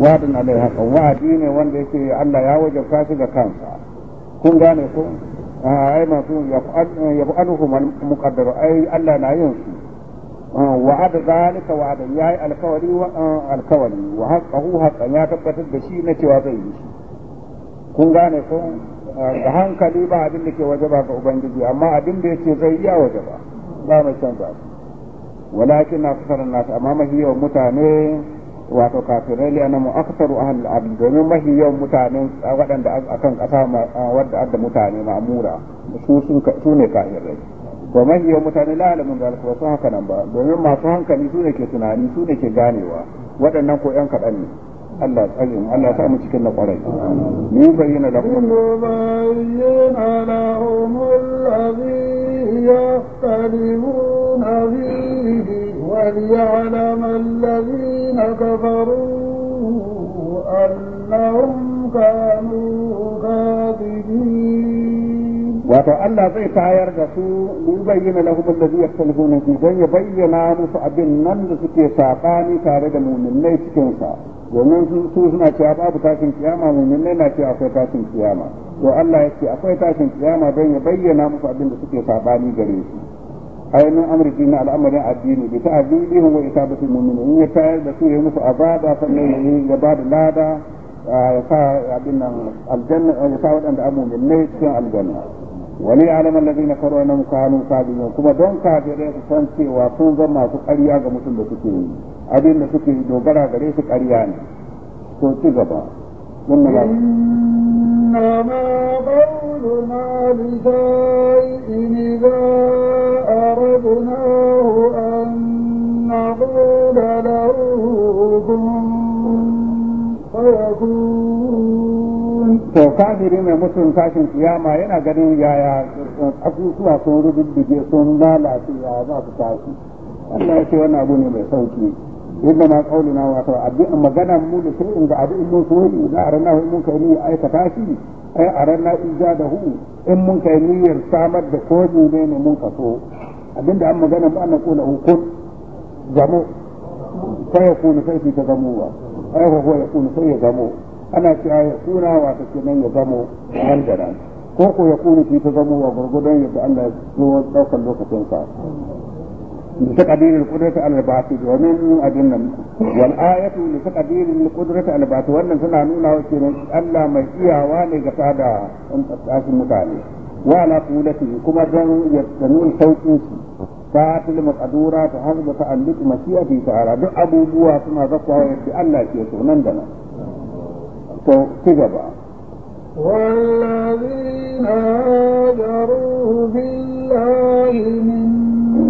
A: wadin alai haka wa'adi ne wanda yake Allah ya wajabta shi ga kansa kun gane ko ah, ai masu yaf'aluhum al-muqaddaru ai Allah na yin su hada ah, zalika ya yayi alkawari wa ah, alkawari wa haqqahu haqqan ya tabbatar da shi na cewa zai yi kun gane ko da hankali ba abin da ke waje ba ga ubangiji amma abin da yake zai iya waje ba ba mai canza su walakin na na nasu amma mahi yawan mutane wato kafirai ne ana mu'aksaru ahal abin domin mahi yawan mutane waɗanda akan ƙasa wadda adda mutane ma'amura su ne kafirai ko mahi yawan mutane la alamin da alkuwa sun haka nan ba domin masu hankali su ne ke tunani su ne ke ganewa waɗannan ko 'yan kaɗan ne Allah tsare mu Allah sa mu cikin na kwarai mu bayyana da kuma bayyana
B: la umul ladhi yaqtalimun bihi wa ya'lam alladhina kafaru annahum kanu kadhibin
A: wato Allah zai tayar da su mu bayyana la da ladhi yaqtalimun bihi dan ya bayyana musu abin nan da suke sabani tare da mu'minai cikin sa domin su su suna cewa babu tashin kiyama mu'minai na cewa akwai tashin kiyama to Allah ya ce akwai tashin kiyama don ya bayyana musu abin da suke sabani gare shi ainihin amurki na al'amarin addini bi ta'dilihim wa isabatul mu'minin in ya tayar da su ya musu azaba sannan ya ba da lada ya sa abin nan aljanna ya sa waɗanda amumin ne cikin aljanna wani alamar da zai na karo na muka hannun sabibin kuma don kafirai su san cewa sun zan masu ƙarya ga mutum da suke yi abin da suke dogara da rai su ƙarya ne to ci gaba mun na lafi
B: Inna ba'udu na na hu an na buɗa da hukun fayakun
A: to kafiri mai mutum tashin kiyama yana ganin yaya eh, asusuwa sun rubuddige sun lalace ya za su tashi Allah ya ce wannan abu ne mai sauki inda ma kaulina wato abin magana mu da sai inda abin mun so ne za a ranar mun kai ni aikata shi ai a ranar ija da hu in mun kai niyyar samar da komi ne ne mun kaso abinda an magana mu ana kula hukun gamo? sai ku ne sai ta zamuwa ai ko ya ne sai ya gamo ana cewa ya wa wata ke nan ya zamo nan da nan ko ko ya kuna shi ta zamo wa gurgudan yadda Allah ya zo daukan lokacin sa bi taqdiril qudrati al ba'th wa min ajin nan wal ayatu li taqdiril qudrati al ba'th wannan suna nuna wa ke Allah mai iyawa ne ga sada in tsakin mutane wa la qudati kuma dan ya tsanin saukin shi fatil mutadura ta ta an liti mashiyati fi ara duk abubuwa suna zakwa yadda Allah ke so nan da nan to ci gaba والذين هاجروا
B: في من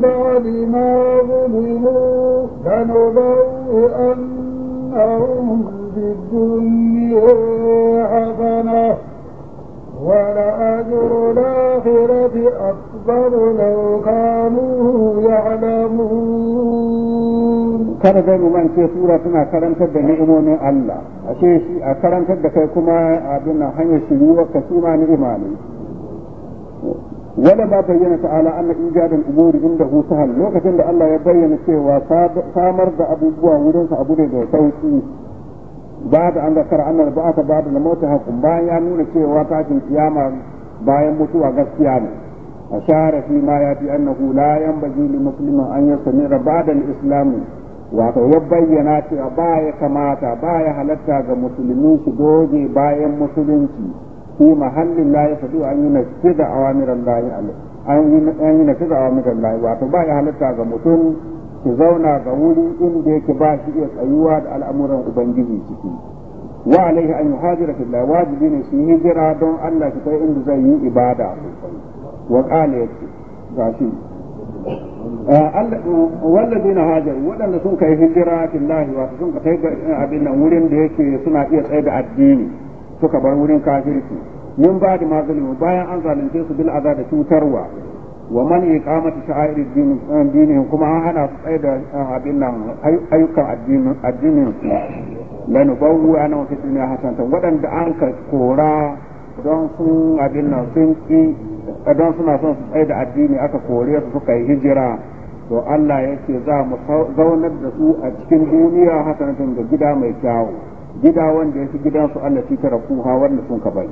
B: بعد ما ظلموا لنبوئنهم في الدنيا حسنه ولأجر الآخرة أكبر لو كانوا يعلمون
A: kada dai mu mance sura tana karantar da ni'imomin Allah ashe shi a karantar da kai kuma abin nan hanyar shiriwa ka su ma ni'ima ne wanda ba bayyana ta'ala anna ijadan umuri inda hu sahal lokacin da Allah ya bayyana cewa samar da abubuwa wurin sa bude da sauki bada an zakar an da ba ta bada na mota ha kun ya nuna cewa ta cikin kiyama bayan mutuwa gaskiya ne a share shi ma ya fi annahu la yanbaji li muslima an ya sami rabada al islam wa ta yabayyana ta baya kamata baya halatta ga muslimu su doge bayan musulunci ko mahallin la ya fadu an yana cewa amiran da ya Allah an yana cewa ya halatta ga mutum ki zauna ga wuri inda yake ba shi iya tsayuwa da al'amuran ubangiji ciki wa alaihi an yuhajira fillah wajibi ne shi hijira don Allah ki kai inda zai yi ibada wa qala yake gashi ah, sun kai hijira سن كاي هجرة sun kai ga eh, abin nan wurin da yake suna iya tsaye da addini suka bar wurin kafirci min ba da mazalimu bayan an zalunce su bil azaba da cutarwa wa man iqamati sha'air din dinin kuma an hana su tsaye da abin nan ayyukan addini addinin su lanu bawu ana wata duniya hasanta wadanda an ka kora don sun abin nan sun ki don suna son su tsaya da addini aka kore su suka yi hijira to Allah yake za mu zaunar da su a cikin duniya hasanatin da gida mai kyawu gida wanda yake gidansu Allah shi tara kuha wanda sun ka bari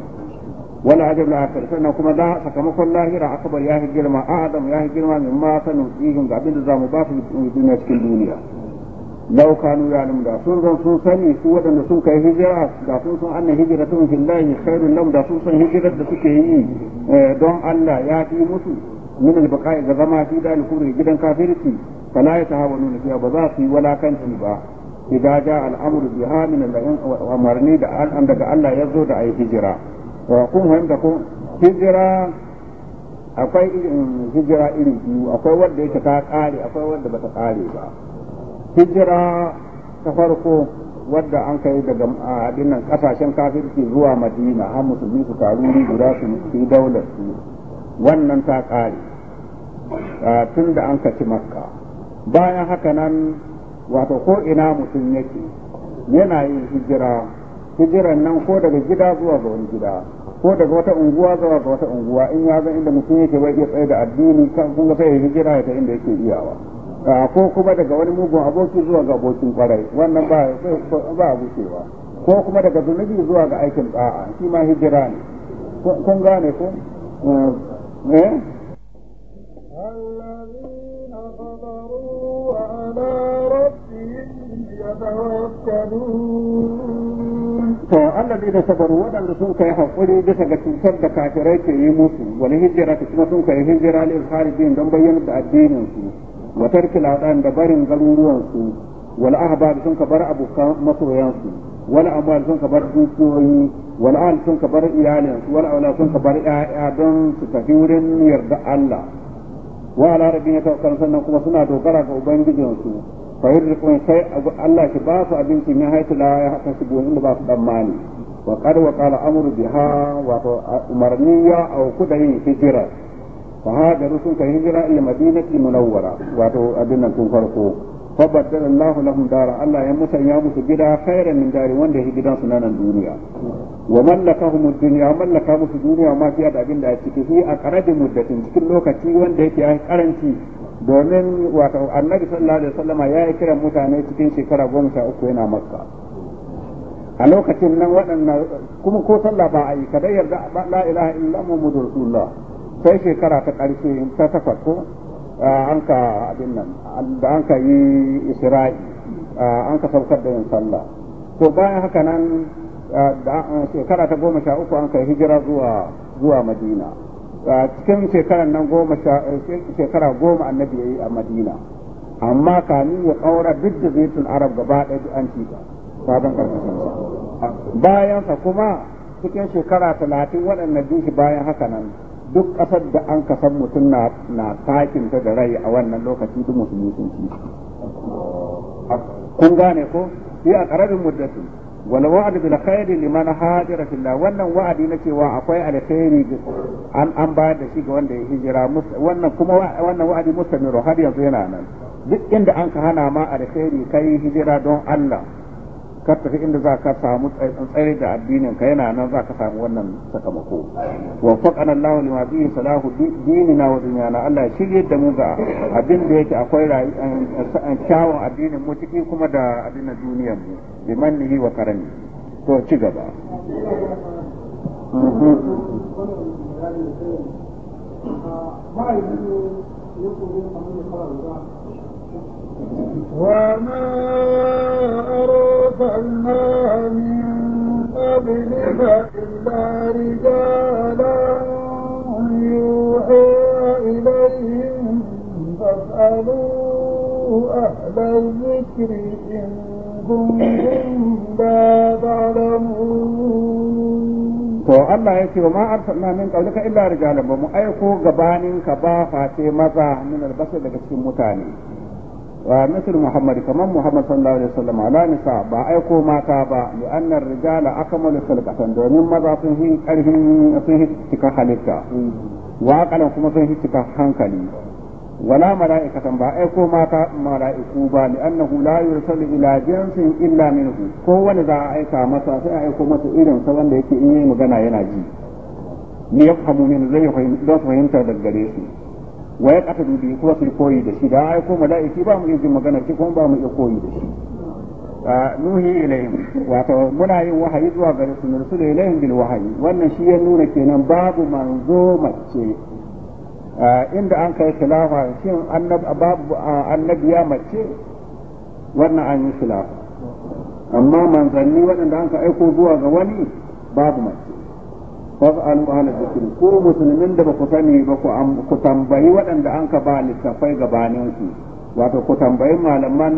A: wala ajab la akhir kuma da sakamakon lahira akabar ya fi girma adam ya fi girma min ma sanin ihun ga abinda zamu ba su duniya cikin duniya law kanu ya'lamu da sun zan sun sani su wadanda sun kai hijira da sun san anna hijratun fillahi khairun lahum da sun san hijirar da suke yi eh, don Allah ya fi musu min al-baqa'i ga zama fi dal kufri gidan kafirci fala yatahawanuna fiha ba za su yi walakanci ba idza ja'a al-amru biha min amarni da an daga Allah ya zo da ayi hijira wa kun fahimta ko hijira akwai irin um, hijira irin biyu akwai wanda yake ta kare akwai wanda bata kare ba hijira ta farko wadda an kai daga adinnan kasashen kafirci zuwa madina har musulmi su taru guda su yi daular su wannan ta kare tun da an kaci makka bayan haka nan wato ko ina mutum yake yana yin hijira hijiran nan ko daga gida zuwa ga wani gida ko daga wata unguwa zuwa ga wata unguwa in ya zan inda mutum yake bai iya tsaye da addini kan kun ga sai hijira ya ta inda yake iyawa ko kuma daga wani mugun aboki zuwa ga abokin kwarai wannan ba ba gushewa ko kuma daga zunubi zuwa ga aikin da'a shi ma hijira ne kun gane ko eh, eh? الذين
B: صبروا على ربهم يتوكلون
A: to allazi da sabaru waɗanda sun kai hakuri bisa ga cutar da kafirai ke yi musu wani hijira ta kuma sun kai hijira don bayyana da addinin su wa tarkil adan da barin garuruwan su wal ahbab sun ka bar abokan masoyan su wal amwal sun ka bar dukiyoyi wal al sun ka bar iyalin su wal aula sun ka bar ya'ya don su tafi wurin yarda Allah wa ala rabbina tawakkalun sannan kuma suna dogara ga ubangijin su fa yurzuqun sai Allah ki ba su abinci min haitu la ya haka su gonin da ba su tsammani wa qad wa qala amru biha wa umarniya aw kudayin hijra fa hada rusul ka hijra ila madinati munawwara wato abinan tun farko fa badala Allah lahum dara Allah ya musanya musu gida khairan min dari wanda ya gidan su nan duniya wa mallakahum ad-dunya mallaka musu duniya ma fiye da abin da a ciki fi a qaradi muddatin cikin lokaci wanda yake ai karanci domin wato annabi sallallahu alaihi wasallam ya yi kiran mutane cikin shekara goma sha uku yana makka a lokacin nan waɗannan kuma ko sallah ba a yi kada yarda la ilaha illa muhammadu rasulullah sai shekara ta ƙarshe ta takwas ko an ka abin nan da an ka yi isra'i an ka saukar da yin sallah to bayan haka nan shekara ta goma sha uku an ka hijira zuwa zuwa madina A cikin shekarar nan goma shekara goma annabi ya yi a madina amma kamin ya ƙaura duk da zaitun arab gaba ɗaya duk an cika sabon Bayan bayansa kuma cikin shekara talatin waɗanda dushi bayan haka nan duk ƙasar da an kasan mutum na sakin ta da rai a wannan lokaci duk musulmi sun ci kun gane ko yi a ƙararin muddatu wal wa'd bil khair liman hajara fillah wannan wa'adi na cewa akwai alkhairi an an bayar da shi ga wanda ya hijira wannan kuma wannan wa'adi mustamiro har yanzu yana nan duk inda an ka hana ma alkhairi kai hijira don Allah Kar tafi inda za ka samu tsare da addinin ka yana nan za ka samu wannan sakamako wa faqana Allahu lima fihi salahu dinina wa dunyana Allah shirye da mu ga abin da yake akwai eh, kyawun addinin mu ciki kuma da addinin duniyar mu bi mannihi wa karami to ci gaba
B: وما mm-hmm. أرى أرسلنا من قبلك إلا رجالا يوحى إليهم فاسألوا أهل الذكر إن كنتم لا تعلمون
A: To Allah ya ce ma arsalna min qablika illa rijalan ba mu aiko gabanin ka ba face maza min albasa daga cikin mutane wa misal muhammad kamar muhammad sallallahu alaihi wasallam ala nisa ba aiko mata ba li anna rijala akmalu khalqatan domin maza sun yi karfin sun yi cika halitta wa aqalan kuma sun yi cika hankali wala mala'ikatan ba aiko mata mala'iku ba li annahu la yursalu ila jinsin illa minhu ko wani za a aika masa sai a aiko masa irin sa yake in yi magana yana ji ne ya fahimu min zai daga gare wa ya dubi kuma su koyi da shi da ai ko mala'iki ba mu yin magana shi kuma ba mu iya koyi da shi nuhi ilayhim wato muna yin wahayi zuwa gare su nursul ilayhim bil wahayi wannan shi ya nuna kenan babu manzo mace inda an kai khilafa shin babu ya mace wannan an yi khilafa amma manzanni waɗanda an ka aiko zuwa ga wani babu mace fas'alu ahla dhikri ku musulmin da ba ku sani ba ku tambayi waɗanda an ka ba littafai gabanin ku wato ku tambayi malaman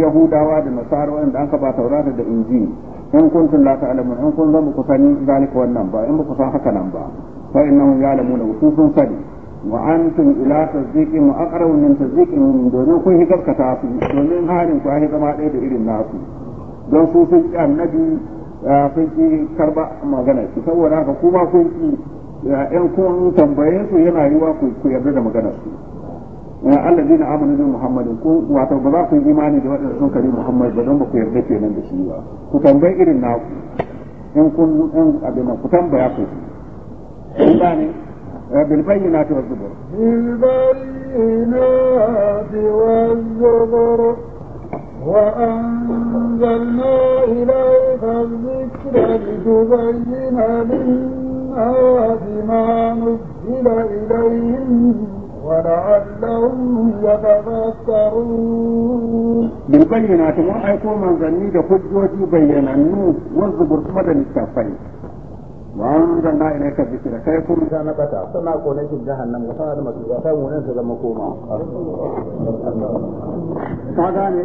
A: yahudawa da nasara waɗanda an ka ba taurata da injili in kuntum la ta'lamun in kun zama ku sani zalika wannan ba in ba ku san haka nan ba fa innahum da su sun sani wa antum ila tasdiqi mu aqrabu min tasdiqi domin kun hi ta su domin harin ku a zama ɗaya da irin nasu don su sun annabi Eh, sun ki karba magana su saboda haka kuma kun ki yan eh, kun tambaye su yana yiwa ku yarda da magana su eh, Allah na amanu da Muhammadu ko wato ba za ku yi imani da waɗanda sun kari muhammad ba don ba ku yarda kenan da shi ba ku tambayi irin na ku in kun in abin ku tambaya ku kun gane بالبينات na بالبينات
B: والزبر وأنزلنا إليك الذكر لتبين للناس ما نزل إليهم ولعلهم يتفكرون
A: بالبينات من أيكم من ظني لحجوتي بيننو والزبر مدى الكفين وأنزلنا إليك الذكر كيكم كان بتا سنا كونيك جهنم وسنا المسجد وسنا ونسى لما كوما كاغاني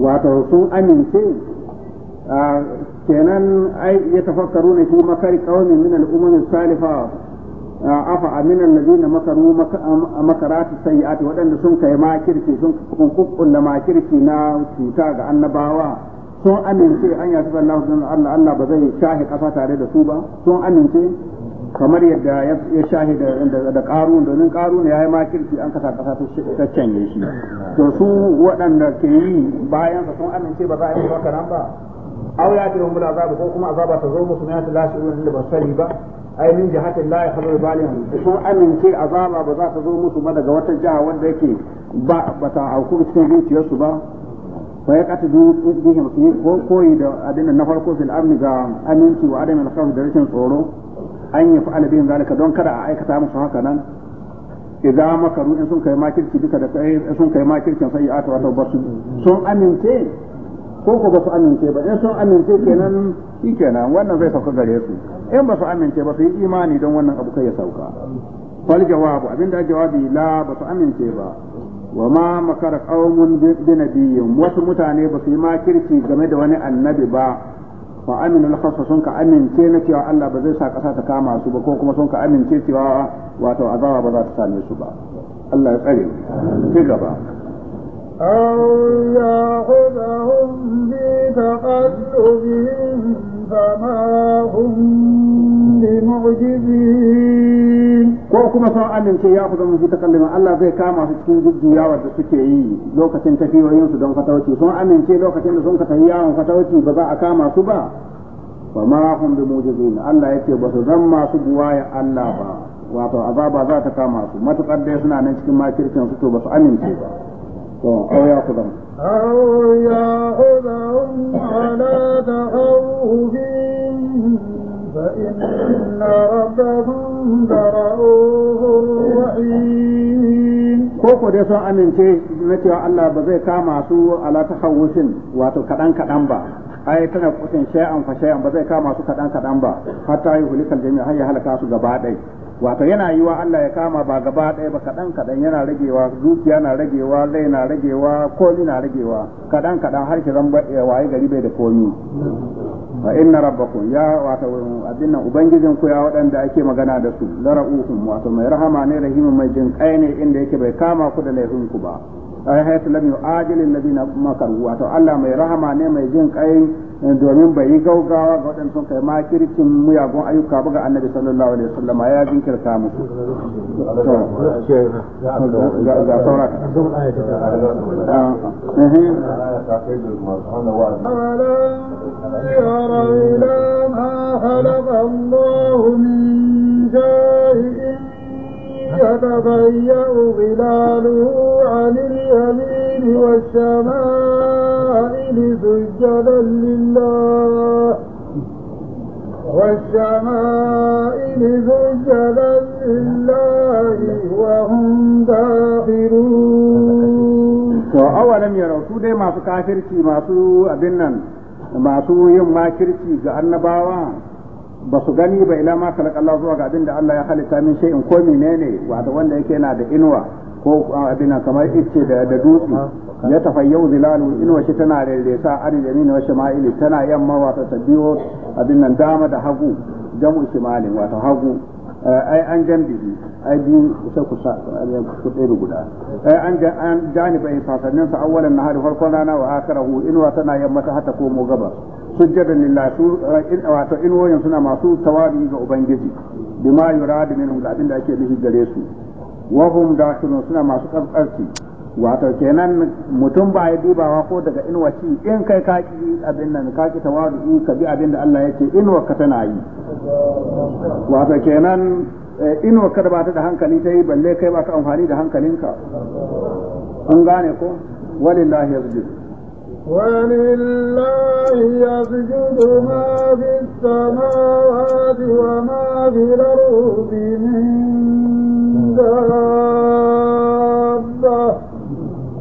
A: wato sun amince kenan ai ya tafakkaru ne fi makari kaumin min al'ummin salifa afa amina alladhina makaru makarati sayyiati wadanda sun kai makirci sun kukkulla makirci na cuta ga annabawa sun amince an yafi Allah Allah ba zai shahi kafa tare da su ba sun amince kamar yadda ya shahida da karu domin ne ya yi makirci an kasa kasa ta canye shi to su waɗanda ke yi bayan sun amince ba za a yi makaran ba au ya tilo mula azabu ko kuma azaba ta zo musu na ta lashe wurin da ba sani ba ai min jihatin la bali balihum sun amince azaba ba za ta zo musu ba daga wata jiha wanda yake ba ba ta hauku cikin zuciyarsu ba fa ya kata bihim ko koyi da abin na farko fil amni ga aminci wa adam al da rashin tsoro an yi fa'ala bin zalika don kada a aikata musu haka nan idza makaru in sun kai makirci duka da sun kai makircin sai ya ta wata basu sun amince ko ko ba su amince ba in sun amince kenan shikenan wannan zai sauka gare su in ba su amince ba su yi imani don wannan abu kai ya sauka fal jawabu abinda jawabi la ba su amince ba wa ma makara qaumun bi nabiyyin wasu mutane ba su yi makirci game da wani annabi ba fa aminu al sun ka amince na cewa Allah ba zai sa ƙasa ta kama su ba ko kuma sun ka amince cewa wato azaba ba za ta same su ba Allah ya tsare ci gaba
B: أو يأخذهم بتقلبهم فما
A: هم بمعجزين ko kuma sun amince ya ku zama fita Allah zai kama su cikin jujjuyawar da suke yi lokacin su don fatauci sun amince lokacin da sun ka tafi yawon fatauci ba za a kama su ba ba ma hum bi mujizin Allah yake ba su zan masu buwaya Allah ba wato azaba za ta kama su matukar dai suna nan cikin makircin su to ba su amince ba أو يأخذهم
B: أو يأخذهم على تخوف فإن ربهم لرؤوف رحيم
A: koko dai sun amince na cewa Allah ba zai kama su ala tahawushin wato kaɗan kaɗan ba ai tana kusin shay'an fa shay'an ba zai kama su kadan kadan ba hatta yi hulikal jami'a har ya halaka su gaba ɗaya wato yana yi wa Allah ya kama ba gaba ɗaya ba kadan kadan yana ragewa zuciya na ragewa lai na ragewa komi na ragewa kadan kadan har shi zamba waye gari bai da komi wa inna rabbakum ya wato abin nan ubangijin ku ya waɗanda ake magana da su la ra'uhum wato mai rahama ne rahimin mai jin kai ne inda yake bai kama ku da laifin ku ba ai hayatu lam yu'ajil alladhina makaru wato Allah mai rahama ne mai jin kai domin bai yi gaugawa ga waɗanda sun kai makircin muyagun ayyuka ba ga annabi sallallahu alaihi wasallam ya jinkirta musu ga saura
B: يتبيأ ah, ظلاله eh, eh. والسماء سجدا لله والسماء سجدا لله
A: وهم داخلون to awalam yarau su dai masu kafirci masu abin nan masu yin makirci ga annabawa ba su gani ba ila ma kalaka Allah zuwa ga abin da Allah ya halitta min shay'in ko menene wato wanda yake yana da inuwa ko abin kamar ice da da dutse ya tafayyau zilalu in washe tana reresa an na washe shima'ili tana yamma wata ta biyo abin nan dama da hagu jamu shimalin wato hagu eh, ai an jan jandihi ai biyu sai ku sa ku ɗaya eh, guda ai eh, an an janibai sasannin sa awwalan nahar farkon rana wa akhirahu in wa tana yamma ta hatta komo gaba sujjadan lillahi su in wato in suna masu tawabi ga ubangiji bima yuradu minhum ga abin da ake nufi gare su wa da suna masu kaskarci wato kenan mutum ba ya dubawa ko daga in inwaci in kai ka ki abin nan ka ki tawadu ka bi abin da Allah ya ce inwa ka tana yi wato kenan eh, in ka da bata da hankali ta yi balle kai ba ka amfani da hankalinka an gane ko walillahi yasjud
B: ولله يسجد ما في السماوات وما في الأرض من دابة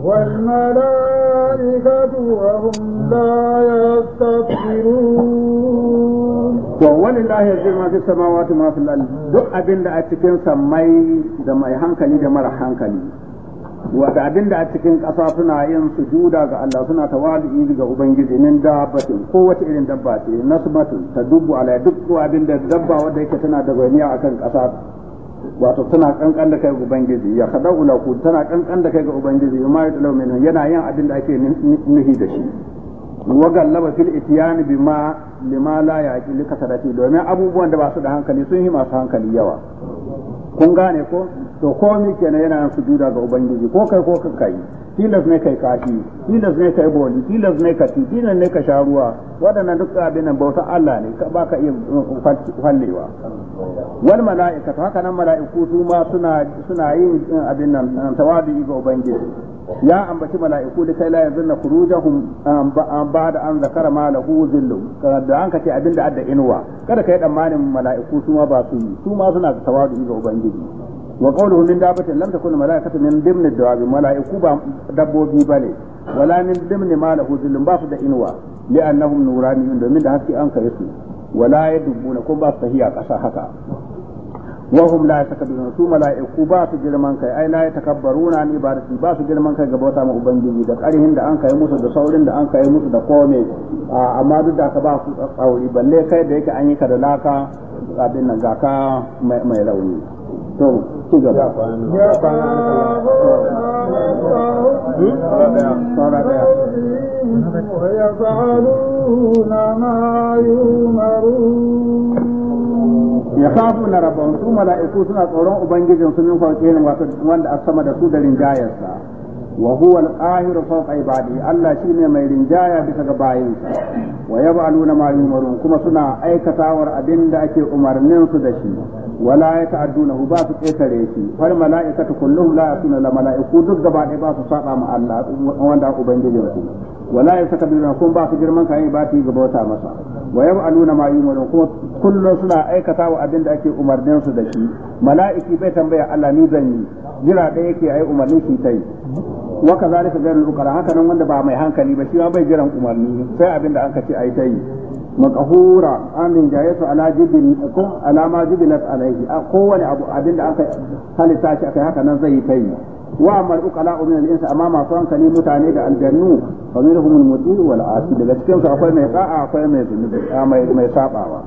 B: والملائكة وهم لا يستكبرون
A: ولله يجب ما في السماوات وما في الأرض duk abin da a cikin sammai da mai hankali da mara hankali wata abin da a cikin ƙasa suna yin sujuda ga Allah suna tawali'i ga Ubangiji min dabbatin kowace irin dabba ce nasbatu ta dubu ala duk abin da dabba wadda yake tana da gwaniya akan ƙasa wato tana kankan da kai ga ubangiji ya kada ulaku tana kankan da kai ga ubangiji ma ya talau min yana yin abin da ake nuhi da shi wa gallaba fil itiyani bima lima la yaqili kasarati domin abubuwan da ba su da hankali sun yi masu hankali yawa kun gane ko to komi kenan yana sujuda ga ubangiji ko kai ko ka kai tilas ne kai kafi tilas ne kai boli tilas ne ka ti tilas ne ka sha ruwa duk abin nan bauta Allah ne ka baka iya uh, uh, fallewa wal mala'ika haka nan mala'iku su ma suna suna yin uh, abin nan tawadi ga ubangiji ya ambaci mala'iku da kai la na khurujahum ba'da an zakara ma lahu zillu da an kace abinda adda inuwa kada kai tsammanin mala'iku su ma ba su yi su ma suna da tawadu ga ubangiji wa qawluhu min dabatin lam takun mala'ikatu min dimn ad-dawabi mala'iku ba dabbobi bane wala min dimn ma lahu zillu ba su da inuwa annahum nuraniyun domin da haske an kai su wala yadubuna ko ba su tahiya kasa haka wahum la yatakabbaruna su mala'iku ba su girman kai ai la yatakabbaruna an ibadati ba su girman kai ga bauta ma ubangiji da karihin da an kai musu da saurin da an kai musu da kome amma duk da ka ba su tsauri balle kai da yake an yi ka da laka abin nan ga ka mai rauni to
B: ويفعلون ما يؤمرون ya safu
A: na rabon su mala'iku suna tsoron ubangijin su min fauqihim wanda a sama da su da rinjayarsa wa huwa al qahir fawqa ibadi Allah shine mai rinjaya bisa ga bayinsa wa yab'aluna ma yumarun kuma suna aikatawar abinda ake umarnin su da shi wala yata'addunahu ba su ƙetare shi fal mala'ikatu kulluhum la yasuna la mala'iku duk gaba ɗaya ba su saba ma Allah wanda ubangijin su wala ya saka bin ba su girman kayan ba su gaba wata masa wa yaf'aluna ma yu'marun kuma kullum suna aikata wa abinda da ake umarninsu da shi mala'iki bai tambaya Allah ni zan yi jira da yake ai umarni shi tai wa kazalika gairul ukara haka nan wanda ba mai hankali ba shi ma bai jiran umarni sai abin da anka ce ai tai makahura an rinjaye su ala jibin ko alama jibilat alaihi kowane abu abin da aka halitta shi aka haka nan zai yi tai واما العقلاء من الانس امام صان كان متاني ده الجنو فمنهم المدي والعاصي daga cikin su akwai mai sa'a akwai mai zunubi mai mai sabawa